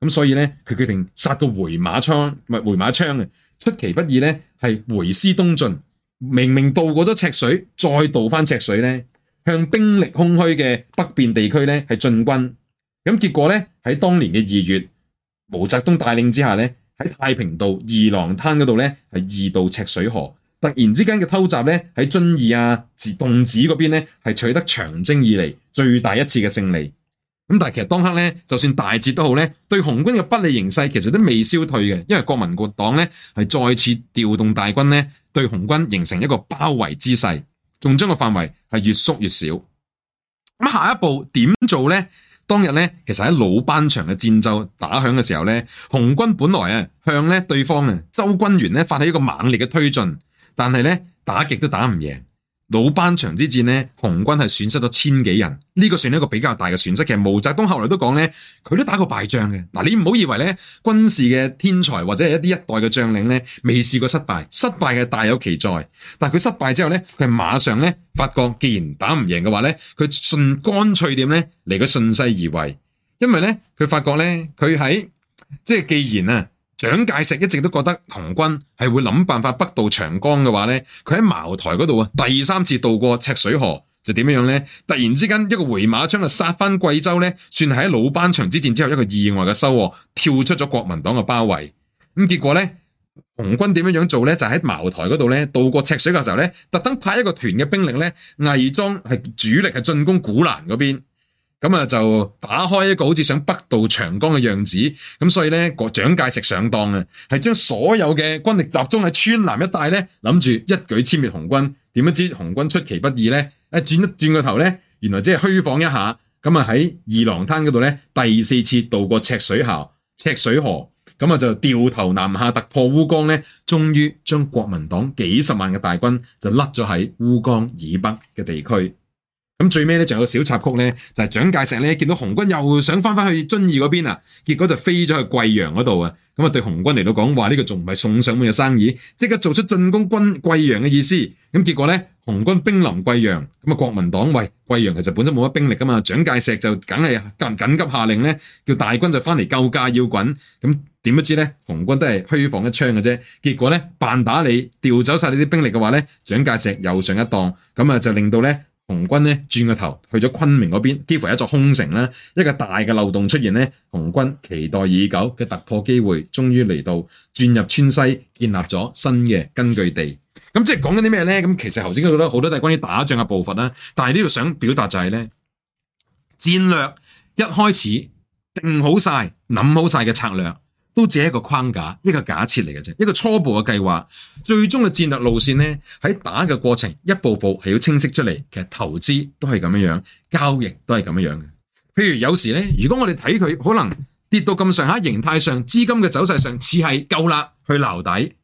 Speaker 1: 咁所以咧佢決定殺個回馬槍，唔係回馬槍嘅。出其不意呢係回師東進，明明渡過咗赤水，再渡返赤水呢向兵力空虛嘅北邊地區呢係進軍。咁結果呢，喺當年嘅二月，毛澤東帶領之下呢，喺太平道二郎灘嗰度呢，係二渡赤水河，突然之間嘅偷襲呢，喺遵義啊、自洞子嗰邊呢，係取得長征以嚟最大一次嘅勝利。咁但係其實當刻咧，就算大捷都好咧，對紅軍嘅不利形勢其實都未消退嘅，因為國民國黨咧係再次調動大軍咧，對紅軍形成一個包圍姿勢，仲將個範圍係越縮越少。咁下一步點做咧？當日咧，其實喺魯班場嘅戰鬥打響嘅時候咧，紅軍本來啊向咧對方啊周軍元咧發起一個猛烈嘅推進，但係咧打極都打唔贏。魯班場之戰呢紅軍係損失咗千幾人，呢、這個算一個比較大嘅損失嘅。其實毛澤東後來都講咧，佢都打過敗仗嘅嗱。你唔好以為咧軍事嘅天才或者係一啲一代嘅將領咧未試過失敗，失敗嘅大有其在。但係佢失敗之後咧，佢係馬上咧發覺，既然打唔贏嘅話咧，佢順乾脆點咧嚟個順勢而為，因為咧佢發覺咧佢喺即係既然啊。蔣介石一直都覺得紅軍係會諗辦法北渡長江嘅話呢佢喺茅台嗰度第三次渡過赤水河就，點樣呢，突然之間一個回馬槍啊，殺翻貴州呢，算係喺魯班場之戰之後一個意外嘅收穫，跳出咗國民黨嘅包圍。嗯、結果呢，紅軍點樣樣做呢？就是，喺茅台嗰度咧渡過赤水嘅時候咧，特登派一個團嘅兵力咧，偽裝係主力係進攻古蘭那邊。咁就打開一個好似想北渡長江嘅樣子，咁所以咧，蔣介石上當啊，係將所有嘅軍力集中喺川南一帶呢，諗住一舉殲滅紅軍。點不知紅軍出其不意呢，轉一轉個頭，原來即係虛晃一下。咁喺二郎灘嗰度呢，第四次渡過赤水河，赤水河，咁就掉頭南下突破烏江呢，終於將國民黨幾十萬嘅大軍就甩咗喺烏江以北嘅地區。咁最尾呢就有個小插曲呢，就係蔣介石呢，見到紅軍又想翻翻去遵義嗰邊啊，結果就飛咗去貴陽嗰度啊。咁啊，對紅軍嚟到講話呢個仲唔係送上門嘅生意，即刻做出進攻軍貴陽嘅意思。咁結果呢，紅軍兵臨貴陽，咁啊國民黨喂貴陽其實本身冇乜兵力㗎嘛，蔣介石就梗係緊急下令呢，叫大軍就翻嚟救駕要緊。咁點不知呢，紅軍都係虛晃一槍嘅啫。結果呢，扮打你調走晒你啲兵力嘅話呢，蔣介石又上一當，咁啊就令到呢。紅軍咧，轉個頭去咗昆明嗰邊，幾乎係一座空城啦，一個大嘅漏洞出現呢，紅軍期待已久嘅突破機會終於嚟到，轉入川西建立咗新嘅根據地。咁即係講緊啲咩呢？咁其實頭先我覺得好多都係關於打仗嘅部分啦，但係呢度想表達就係、是：呢戰略一開始定好晒、諗好晒嘅策略。都只係一個框架，一個假設嚟嘅啫，一個初步嘅計劃。最終嘅戰略路綫呢，喺打嘅過程，一步步係要清晰出嚟。其實投資都係咁樣樣，交易都係咁樣樣嘅。譬如有時呢，如果我哋睇佢可能跌到咁上下，形態上、資金嘅走勢上似係夠啦去撈底。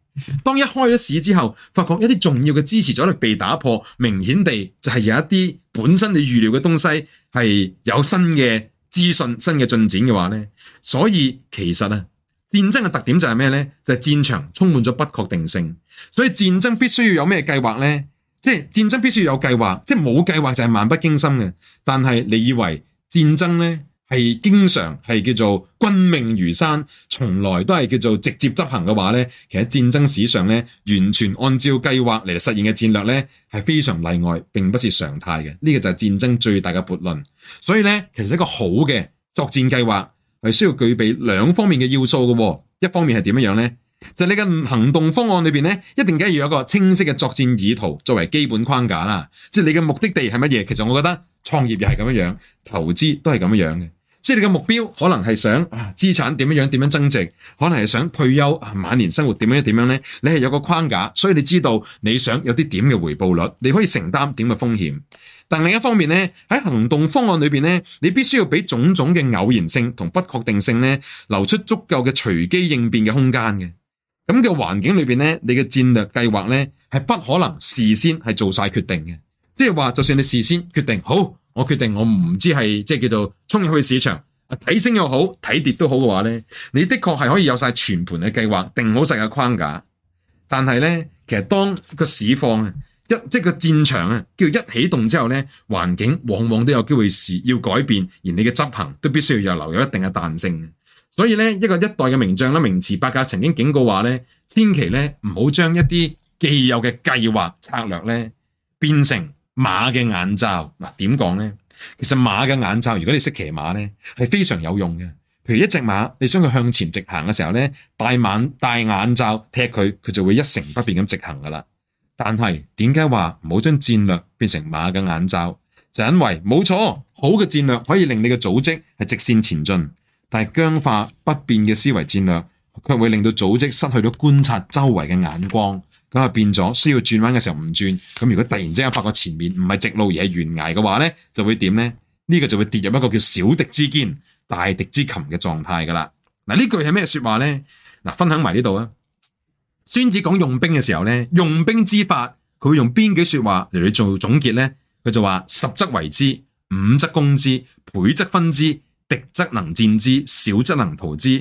Speaker 1: 當一開咗市之後，發覺一啲重要嘅支持阻力被打破，明顯地就係有一啲本身你預料嘅東西係有新嘅資訊、新嘅進展嘅話呢。所以其實呢戰爭的特點就是什麼呢？就是戰場充滿了不確定性，所以戰爭必須要有什麼計劃呢？即係戰爭必須要有計劃，即沒冇計劃就是漫不經心的。但是你以為戰爭呢是經常是叫做軍命如山，從來都是叫做直接執行的話呢，其實戰爭史上呢，完全按照計劃來實現的戰略呢，是非常例外，並不是常態的。這個就是戰爭最大的悖論。所以呢，其實一個好的作戰計劃。係需要具備兩方面嘅要素嘅。哦，一方面係點樣樣呢？就是，你嘅行動方案裏邊呢，一定梗係要有一個清晰嘅作戰意圖作為基本框架啦。即，就，係，是，你嘅目的地係乜嘢？其實我覺得創業又係咁樣樣，投資都係咁樣樣嘅。即，就，係，是，你嘅目標可能係想，啊、資產點樣樣點樣增值，可能係想退休啊晚年生活點樣點樣呢？你係有個框架，所以你知道你想有啲點嘅回報率，你可以承擔點嘅風險。但另一方面咧，喺行動方案裏邊咧，你必須要俾種種嘅偶然性同不確定性咧，留出足夠嘅隨機應變嘅空間嘅。咁嘅環境裏邊咧，你嘅戰略計劃咧係不可能事先係做晒決定嘅。即係話，就算你事先決定好，我決定我唔知係即係叫做衝入去市場，睇升又好，睇跌都好嘅話咧，你的確係可以有晒全盤嘅計劃，定好晒嘅框架。但係咧，其實當個市況啊～一即係個戰場啊！叫一起動之後呢，環境往往都有機會是要改變，而你嘅執行都必須要有留有一定嘅彈性。所以呢，一個一代嘅名將啦，名詞百家曾經警告話：呢，千祈呢唔好將一啲既有嘅計劃策略呢變成馬嘅眼罩。嗱，點講呢？其實馬嘅眼罩，如果你識騎馬呢，係非常有用嘅。譬如一隻馬，你想佢向前直行嘅時候呢，戴眼戴眼罩踢佢，佢就會一成不變咁直行㗎啦。但是點解話唔好將戰略變成馬嘅眼罩？就因為冇錯，好嘅戰略可以令你嘅組織係直線前進，但係僵化不變嘅思維戰略，卻會令到組織失去咗觀察周圍嘅眼光，咁就變咗需要轉彎嘅時候唔轉，咁如果突然之間發覺前面唔係直路而係懸崖嘅話呢，就會點呢？呢、這個就會跌入一個叫小敵之堅、大敵之擒嘅狀態㗎啦。嗱，呢句係咩說話呢？分享埋呢度孫子講用兵嘅時候呢，用兵之法，佢會用邊幾說話嚟做總結呢？佢就話十則圍之，五則攻之，倍則分之，敵則能戰之，少則能逃之，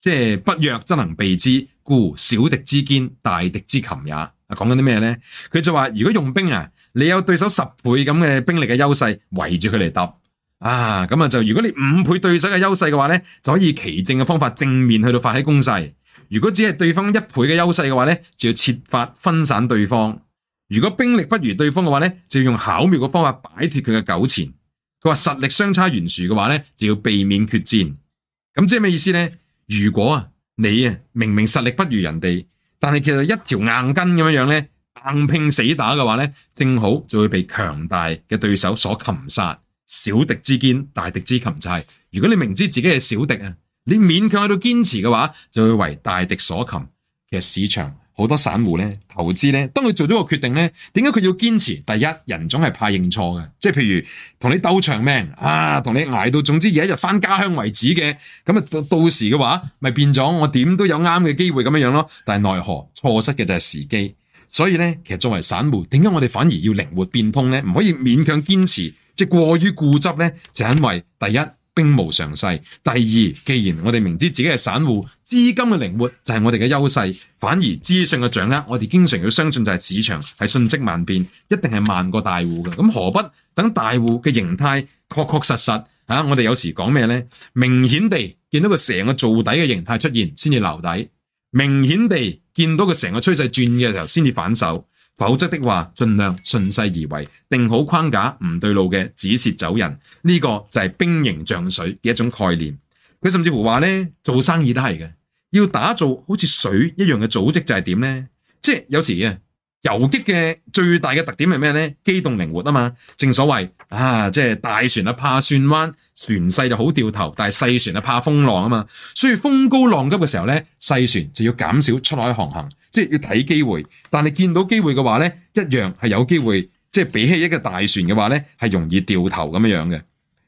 Speaker 1: 即係不弱則能避之。故小敵之堅，大敵之擒也。講緊啲咩呢？佢就話如果用兵啊，你有對手十倍咁嘅兵力嘅優勢圍着，圍住佢嚟打啊，咁啊就如果你五倍對手嘅優勢嘅話咧，就可以奇正嘅方法正面去到發起攻勢；如果只係對方一倍嘅優勢嘅話咧，就要設法分散對方；如果兵力不如對方嘅話咧，就要用巧妙嘅方法擺脫佢嘅糾纏。佢話實力相差懸殊嘅話咧，就要避免決戰。咁即係咩意思咧？如果啊你啊明明實力不如人哋，但係其實一條硬筋咁樣樣咧硬拼死打嘅話咧，正好就會被強大嘅對手所擒殺。小敵之堅，大敵之擒就係、是、如果你明知自己係小敵啊，你勉強喺度堅持嘅話，就會為大敵所擒。其實市場好多散戶咧，投資咧，當佢做咗個決定咧，點解佢要堅持？第一，人總係怕認錯嘅，即係譬如同你鬥長命啊，同你挨到，到，總之而家就翻家鄉為止嘅咁啊。到到時嘅話，咪變咗我點都有啱嘅機會咁樣樣咯。但係奈何錯失嘅就係時機，所以咧，其實作為散戶，點解我哋反而要靈活變通咧？唔可以勉強堅持。即係過於固執呢，就因為第一兵無常勢，第二既然我哋明知自己係散戶，資金嘅靈活就係我哋嘅優勢，反而資訊嘅掌握，我哋經常要相信就係市場係瞬息萬變，一定係慢過大戶嘅。咁何不等大戶嘅形態確確確實實啊？我哋有時講咩呢？明顯地見到佢整個成個做底嘅形態出現先至留底，明顯地見到佢成個趨勢轉嘅時候先至反手。否則的話，盡量順勢而為，定好框架唔對路嘅止蝕走人。呢個就係兵形象水嘅一種概念。佢甚至乎話咧，做生意都係嘅，要打造好似水一樣嘅組織就係點咧？即係有時游擊嘅最大嘅特點係咩呢？機動靈活吖嘛。正所謂。啊，即係大船啊，怕轉彎；船細就好掉頭，但係細船啊怕風浪啊嘛。所以風高浪急嘅時候咧，細船就要減少出海航行，即係要睇機會。但係見到機會嘅話咧，一樣係有機會。即係比起一個大船嘅話咧，係容易掉頭咁樣樣嘅。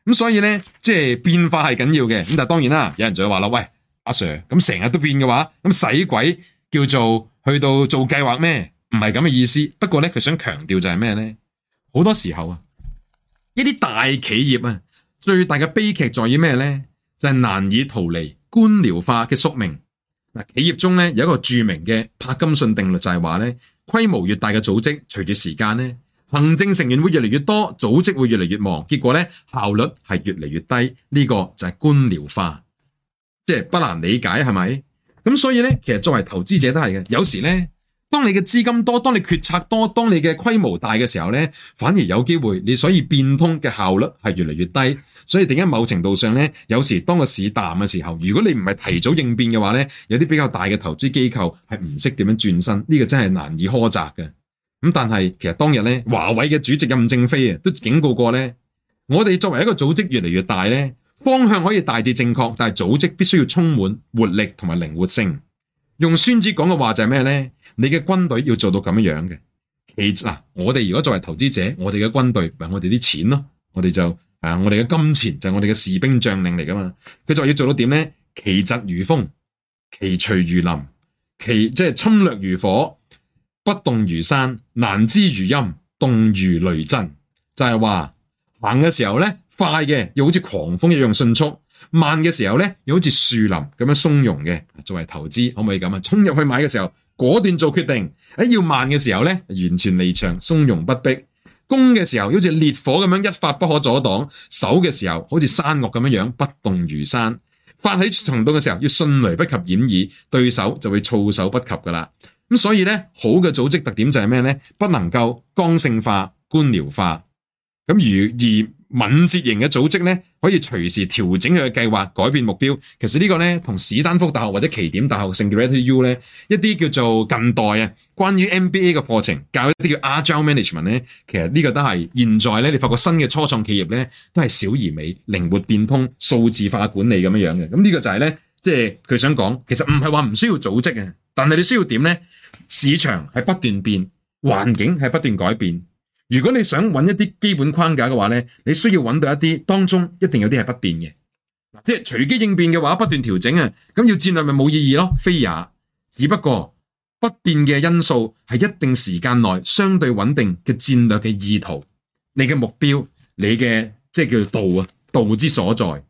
Speaker 1: 咁所以咧，即係變化係緊要嘅。咁但係當然啦，有人就會話啦，喂阿 Sir，咁成日都變嘅話，咁使鬼叫做去到做計劃咩？唔係咁嘅意思。不過咧，佢想強調就係咩咧？好多時候啊。呢啲大企業啊，最大嘅悲劇在於咩呢？就係、是、難以逃離官僚化嘅宿命。嗱，企業中咧有一個著名嘅帕金遜定律，就係話咧，規模越大嘅組織，隨住時間咧，行政成員會越嚟越多，組織會越嚟越忙，結果咧效率係越嚟越低。呢、這個就係官僚化，即係不難理解，係咪？咁所以咧，其實作為投資者都係嘅，有時咧。當你嘅資金多，當你決策多，當你嘅規模大嘅時候呢，反而有機會你所以變通嘅效率係越來越低。所以定喺某程度上呢，有時當個市淡嘅時候，如果你唔係提早應變嘅話呢，有啲比較大嘅投資機構係唔識點樣轉身，呢、呢個真係難以苛責嘅。咁但係其實當日呢，華為嘅主席任正非啊都警告過呢：「我哋作為一個組織越嚟越大呢，方向可以大致正確，但係組織必須要充滿活力同埋靈活性。用孫子講嘅話就係咩呢？你嘅軍隊要做到咁樣樣嘅，其實、啊、我哋如果作為投資者，我哋嘅軍隊咪我哋啲錢咯，我哋就誒，我哋嘅、啊、金錢就係我哋嘅士兵將領嚟噶嘛。佢就係要做到點呢？其疾如風，其徐如林，其即係侵略如火，不動如山，難知如陰，動如雷震。就係、是、話行嘅時候呢。快嘅又好似狂風一樣迅速，慢嘅時候咧，又好似樹林咁樣從容嘅。作為投資，可唔可以咁啊？衝入去買嘅時候，果斷做決定；喺要慢嘅時候咧，完全離場，從容不迫。攻嘅時候，好似烈火咁樣一發不可阻擋；守嘅時候，好似山岳咁樣樣不動如山。發起行動嘅時候，要迅雷不及掩耳，對手就會措手不及噶啦。咁所以咧，好嘅組織特點就係咩咧？不能夠剛性化、官僚化。咁如而敏捷型嘅組織咧，可以隨時調整佢嘅計劃，改變目標。其實呢個咧，同史丹福大學或者奇點大學、聖喬治 U 咧，一啲叫做近代啊，關於 MBA 嘅課程，教一啲叫 Agile Management 咧，其實呢個都係現在咧，你發覺新嘅初創企業咧，都係小而美、靈活變通、數字化管理咁樣樣嘅。咁呢個就係、係、咧，即係佢想講，其實唔係話唔需要組織啊，但係你需要點咧？市場係不斷變，環境係不斷改變。如果你想揾一啲基本框架嘅話咧，你需要揾到一啲當中一定有啲係不變嘅，即係隨機應變嘅話不斷調整啊，咁要戰略咪冇意義咯，非也。只不過不變嘅因素係一定時間內相對穩定嘅戰略嘅意圖，你嘅目標，你嘅即係叫做道啊，道之所在。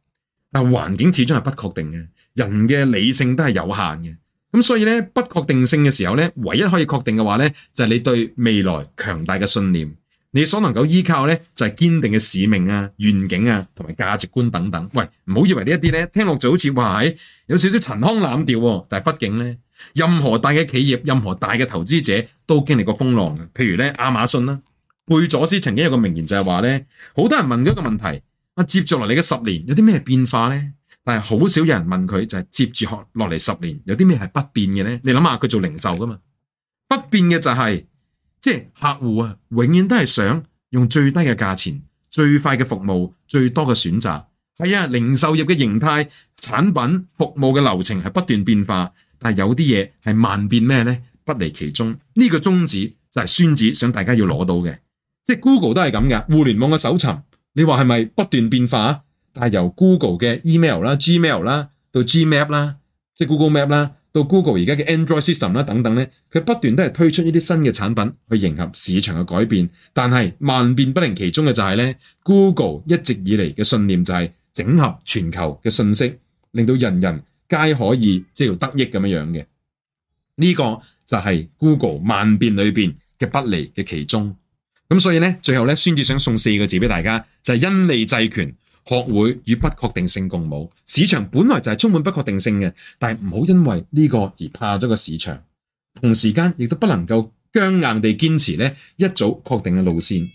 Speaker 1: 但係環境始終係不確定嘅，人嘅理性都係有限嘅，咁所以咧不確定性嘅時候咧，唯一可以確定嘅話咧，就係你對未來強大嘅信念。你所能夠依靠呢，就係堅定嘅使命啊、願景啊，同埋價值觀等等。喂，唔好以為呢一啲呢，聽落就好似話係有少少陳腔濫調喎。但係畢竟咧，任何大嘅企業、任何大嘅投資者都經歷過風浪嘅。譬如呢，亞馬遜啦，貝佐斯曾經有個名言就係話呢：「好多人問佢一個問題啊，接住落嚟嘅十年有啲咩變化呢？但係好少有人問佢就係、是、接住落嚟十年有啲咩係不變嘅呢。」你諗下佢做零售㗎嘛，不變嘅就係、是。即係客戶啊，永遠都係想用最低嘅價錢、最快嘅服務、最多嘅選擇。係啊，零售業嘅形態、產品、服務嘅流程係不斷變化，但係有啲嘢係萬變咩咧？不離其中。呢、這個宗旨就係孫子想大家要攞到嘅，即係 Google 都係咁嘅。互聯網嘅搜尋，你話係咪不斷變化？但係由 Google 嘅 Email 啦、Gmail 啦到 Gmap 啦，即係 Google Map 啦。到 Google 而家嘅 Android System 啦等等呢，佢不斷都係推出呢啲新嘅產品去迎合市場嘅改變。但係萬變不離其中嘅就係呢，Google 一直以嚟嘅信念就係整合全球嘅信息，令到人人皆可以即係要得益咁樣嘅。呢個就係 Google 萬變裏面嘅不離嘅其中。咁所以呢，最後呢，孫子想送四個字俾大家，就係因利制權。學會與不確定性共舞，市場本來就係充滿不確定性嘅，但是唔好因為呢個而怕咗個市場。同時間亦都不能夠僵硬地堅持一早確定嘅路線，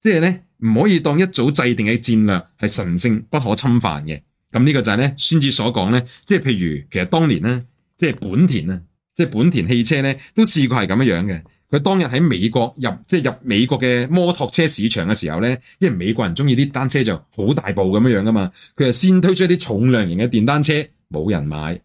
Speaker 1: 即係呢，唔可以當一早制定嘅戰略係神聖不可侵犯嘅。咁呢個就係呢，孫子所講呢，即係譬如其實當年呢，即係本田啊，即係本田汽車呢，都試過係咁樣嘅。佢當日喺美國入，即係入美國嘅摩托車市場嘅時候咧，因為美國人中意啲單車就好大部咁樣樣噶嘛，佢就先推出啲重量型嘅電單車，冇人買。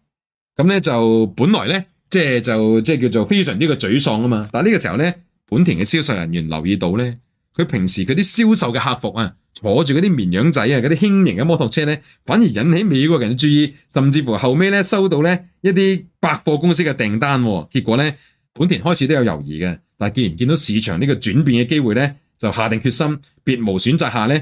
Speaker 1: 咁咧就本來咧，即係就即係叫做非常之嘅沮喪啊嘛。但係呢個時候咧，本田嘅銷售人員留意到咧，佢平時佢啲銷售嘅客服啊，坐住嗰啲綿羊仔啊，嗰啲輕型嘅摩托車咧，反而引起美國人嘅注意，甚至乎後尾咧，收到咧一啲百貨公司嘅訂單，結果咧。本田開始都有猶豫嘅，但既然見到市場呢個轉變嘅機會呢，就下定決心，別無選擇下呢，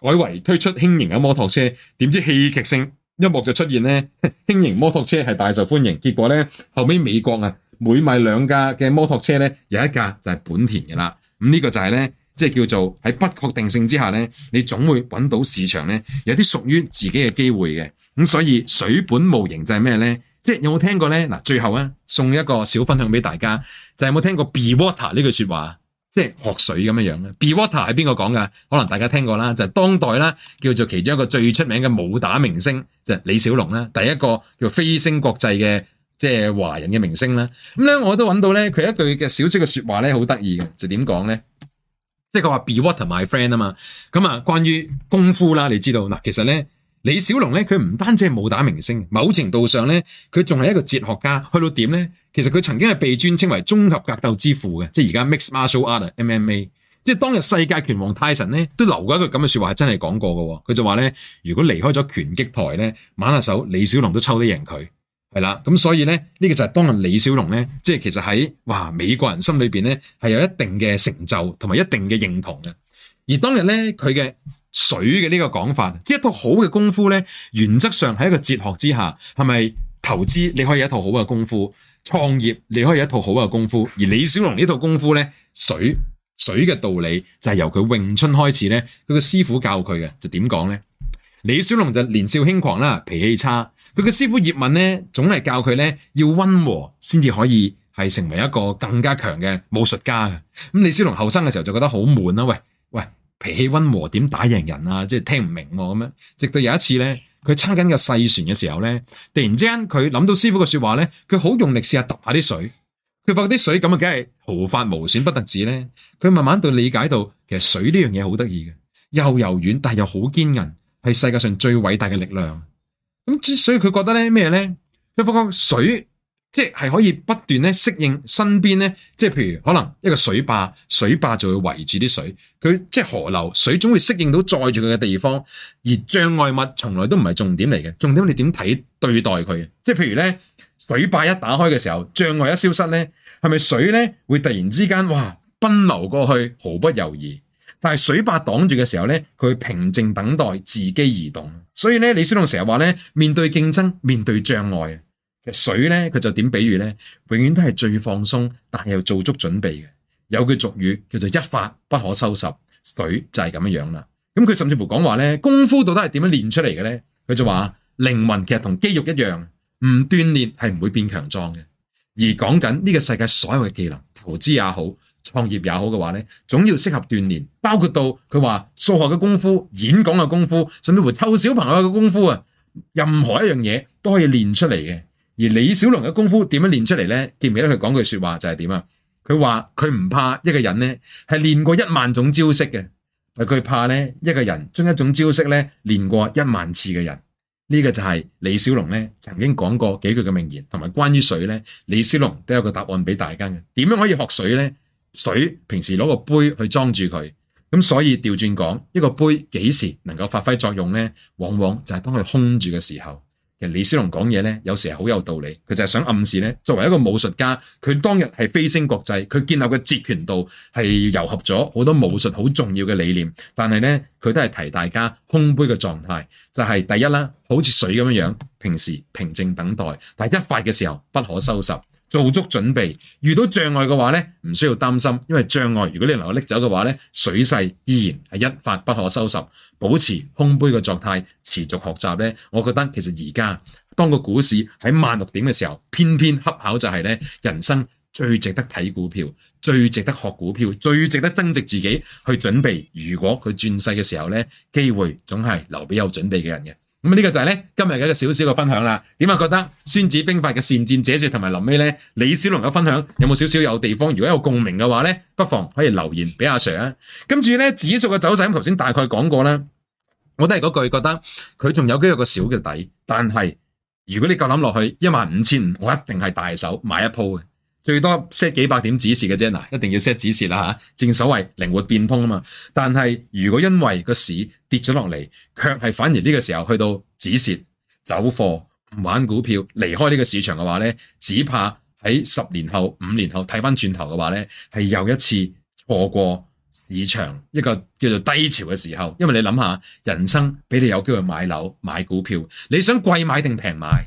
Speaker 1: 改為推出輕型嘅摩托車。點知戲劇性一幕就出現呢？輕型摩托車係大受歡迎。結果呢，後尾美國啊，每賣兩架嘅摩托車呢，有一架就係本田嘅啦。咁、嗯、呢、這個就是呢，即、就、係、是、叫做喺不確定性之下呢，你總會揾到市場呢，有啲屬於自己嘅機會嘅。咁所以水本無形就係咩呢？即係有冇聽過咧？嗱，最後咧送一個小分享俾大家，就係、有冇聽過 be water 呢句說話？即係學水咁樣樣咧。be water 係邊個講噶？可能大家聽過啦。就係、當代啦，叫做其中一個最出名嘅武打明星，就係、李小龍啦。第一個叫飛星國際嘅即係華人嘅明星啦。咁咧，我都揾到咧佢一句嘅小小嘅說話咧，好得意嘅，就點講咧？即係佢話 be water my friend 啊嘛。咁啊，關於功夫啦，你知道嗱，其實咧。李小龍咧，佢唔單止係武打明星，某程度上咧，佢仲係一個哲學家。去到點咧，其實佢曾經係被尊稱為綜合格鬥之父嘅，即係而家 Mixed Martial Art MMA。即係當日世界拳王泰臣咧，都留過一句咁嘅說話說，係真係講過嘅。佢就話咧，如果離開咗拳擊台咧，猛下手，李小龍都抽得贏佢。係啦，咁所以咧，呢、這個就係當日李小龍咧，即係其實喺哇美國人心裏邊咧，係有一定嘅成就同埋一定嘅認同嘅。而當日咧，佢嘅。水嘅呢個講法，即一套好嘅功夫呢，原則上係一個哲學之下，係咪投資，你可以有一套好嘅功夫，創業你可以有一套好嘅功夫。而李小龍呢套功夫呢，水水嘅道理就係由佢詠春開始呢，佢嘅師傅教佢嘅就點講呢？李小龍就年少輕狂啦，脾氣差，佢嘅師傅葉問呢，總係教佢呢，要溫和先至可以係成為一個更加強嘅武術家。咁李小龍後生嘅時候就覺得好悶呀，喂喂！脾氣温和，點打贏人啊？即係聽唔明咁樣啊。直到有一次咧，佢撐緊個細船嘅時候咧，突然之間佢諗到師父嘅說話咧，佢好用力試下揼下啲水，佢發覺啲水咁啊，梗係毫髮無損不特止咧。佢慢慢到理解到，其實水呢樣嘢好得意嘅，又柔軟但係又好堅韌，係世界上最偉大嘅力量。咁之所以佢覺得咧咩咧，佢發覺水。即係可以不斷咧適應身邊咧，即係譬如可能一個水壩，水壩就會圍住啲水。佢即係河流水總會適應到載住佢嘅地方，而障礙物從來都唔係重點嚟嘅，重點你點睇對待佢。即係譬如咧，水壩一打開嘅時候，障礙一消失咧，係咪水咧會突然之間哇奔流過去毫不猶豫？但係水壩擋住嘅時候咧，佢會平靜等待，自己移動。所以咧，李小龍成日話咧，面對競爭，面對障礙。水呢，佢就點比喻呢？永遠都係最放鬆，但係又做足準備嘅。有句俗語叫做一發不可收拾，水就係咁樣樣啦。咁佢甚至乎講話呢，功夫到底係點樣練出嚟嘅呢？佢就話靈魂其實同肌肉一樣，唔鍛煉係唔會變強壯嘅。而講緊呢個世界所有嘅技能，投資也好，創業也好嘅話呢，總要適合鍛煉。包括到佢話數學嘅功夫、演講嘅功夫，甚至乎湊小朋友嘅功夫啊，任何一樣嘢都可以練出嚟嘅。而李小龍嘅功夫點樣練出來咧？記唔記得佢講句說話就係點啊？佢話佢唔怕一個人咧係練過一萬種招式嘅，但係佢怕一個人將一種招式咧練過一萬次嘅人。呢個就是李小龍曾經講過幾句嘅名言，同埋關於水咧，李小龍都有個答案俾大家嘅。點樣可以學水呢？水平時攞個杯去裝住佢。咁所以調轉講，一個杯幾時能夠發揮作用呢？往往就是當佢空住嘅時候。其實李小龍講嘢咧，有時係好有道理。佢就係想暗示咧，作為一個武術家，佢當日係飛升國際，佢建立嘅截拳道係糅合咗好多武術好重要嘅理念。但係咧，佢都係提大家空杯嘅狀態，就係第一啦，好似水咁樣平時平靜等待。但一發嘅時候，不可收拾。做足準備，遇到障礙嘅話咧，唔需要擔心，因為障礙如果你能夠拎走嘅話咧，水勢依然係一發不可收拾。保持空杯嘅狀態。持續學習呢，我覺得其實而家當個股市喺萬六點嘅時候，偏偏恰巧就係呢，人生最值得睇股票、最值得學股票、最值得增值自己去準備。如果佢轉勢嘅時候呢，機會總係留俾有準備嘅人嘅。咁呢個就係呢，今日嘅少少嘅分享啦。點解覺得《孫子兵法》嘅善戰者說同埋臨尾呢？李小龍嘅分享有冇少少有地方？如果有共鳴嘅話呢，不妨可以留言俾阿 Sir 啊。跟住呢，指數嘅走勢咁頭先大概講過啦。我都係嗰句，覺得佢仲有幾個小嘅底，但係如果你夠諗落去一萬五千五，我一定係大手買一鋪，最多 set 幾百點止蝕嘅啫，嗱，一定要 set 止蝕啦，正所謂靈活變通啊嘛。但係如果因為個市跌咗落嚟，卻係反而呢個時候去到止蝕走貨唔玩股票，離開呢個市場嘅話呢，只怕喺十年後、五年後睇返轉頭嘅話呢，係又一次錯過。市場一個叫做低潮嘅時候，因為你諗下，人生俾你有機會買樓、買股票，你想貴買定平買？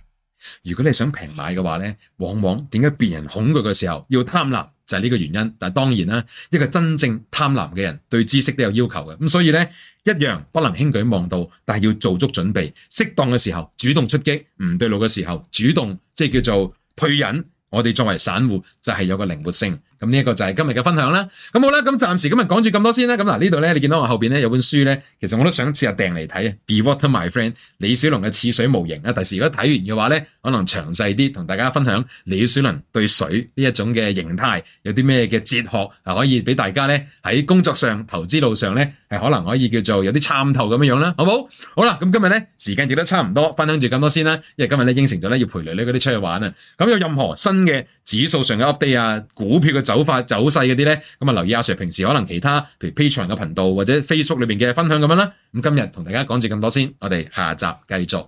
Speaker 1: 如果你想平買嘅話呢，往往點解別人恐懼嘅時候要貪婪，就係呢個原因。但當然啦，一個真正貪婪嘅人對知識都有要求嘅，咁所以呢一樣不能輕舉妄動，但係要做足準備，適當嘅時候主動出擊，唔對路嘅時候主動，即係、就是、叫做退隱。我哋作為散戶就係有個靈活性。咁呢一個就係今日嘅分享啦。咁好啦，咁暫時今日講住咁多先啦。咁嗱，呢度咧你見到我後面咧有本書咧，其實我都想試下訂嚟睇《Be Water My Friend》李小龍嘅似水模型啊。第時如果睇完嘅話咧，可能詳細啲同大家分享李小龍對水呢一種嘅形態有啲咩嘅哲學可以俾大家咧喺工作上、投資路上咧係可能可以叫做有啲參透咁樣樣啦，好冇？好啦，咁今日咧時間亦都差唔多，分享住咁多先啦。因為今日咧應承咗咧要陪女女嗰啲出去玩啊。咁有任何新嘅指數上嘅 update 啊，股票嘅手法走勢嗰啲呢，咁啊留意阿 Sir 平時可能其他，譬如 Patreon 嘅頻道或者 Facebook 裏面嘅分享咁樣啦。咁今日同大家講住咁多先，我哋下集繼續。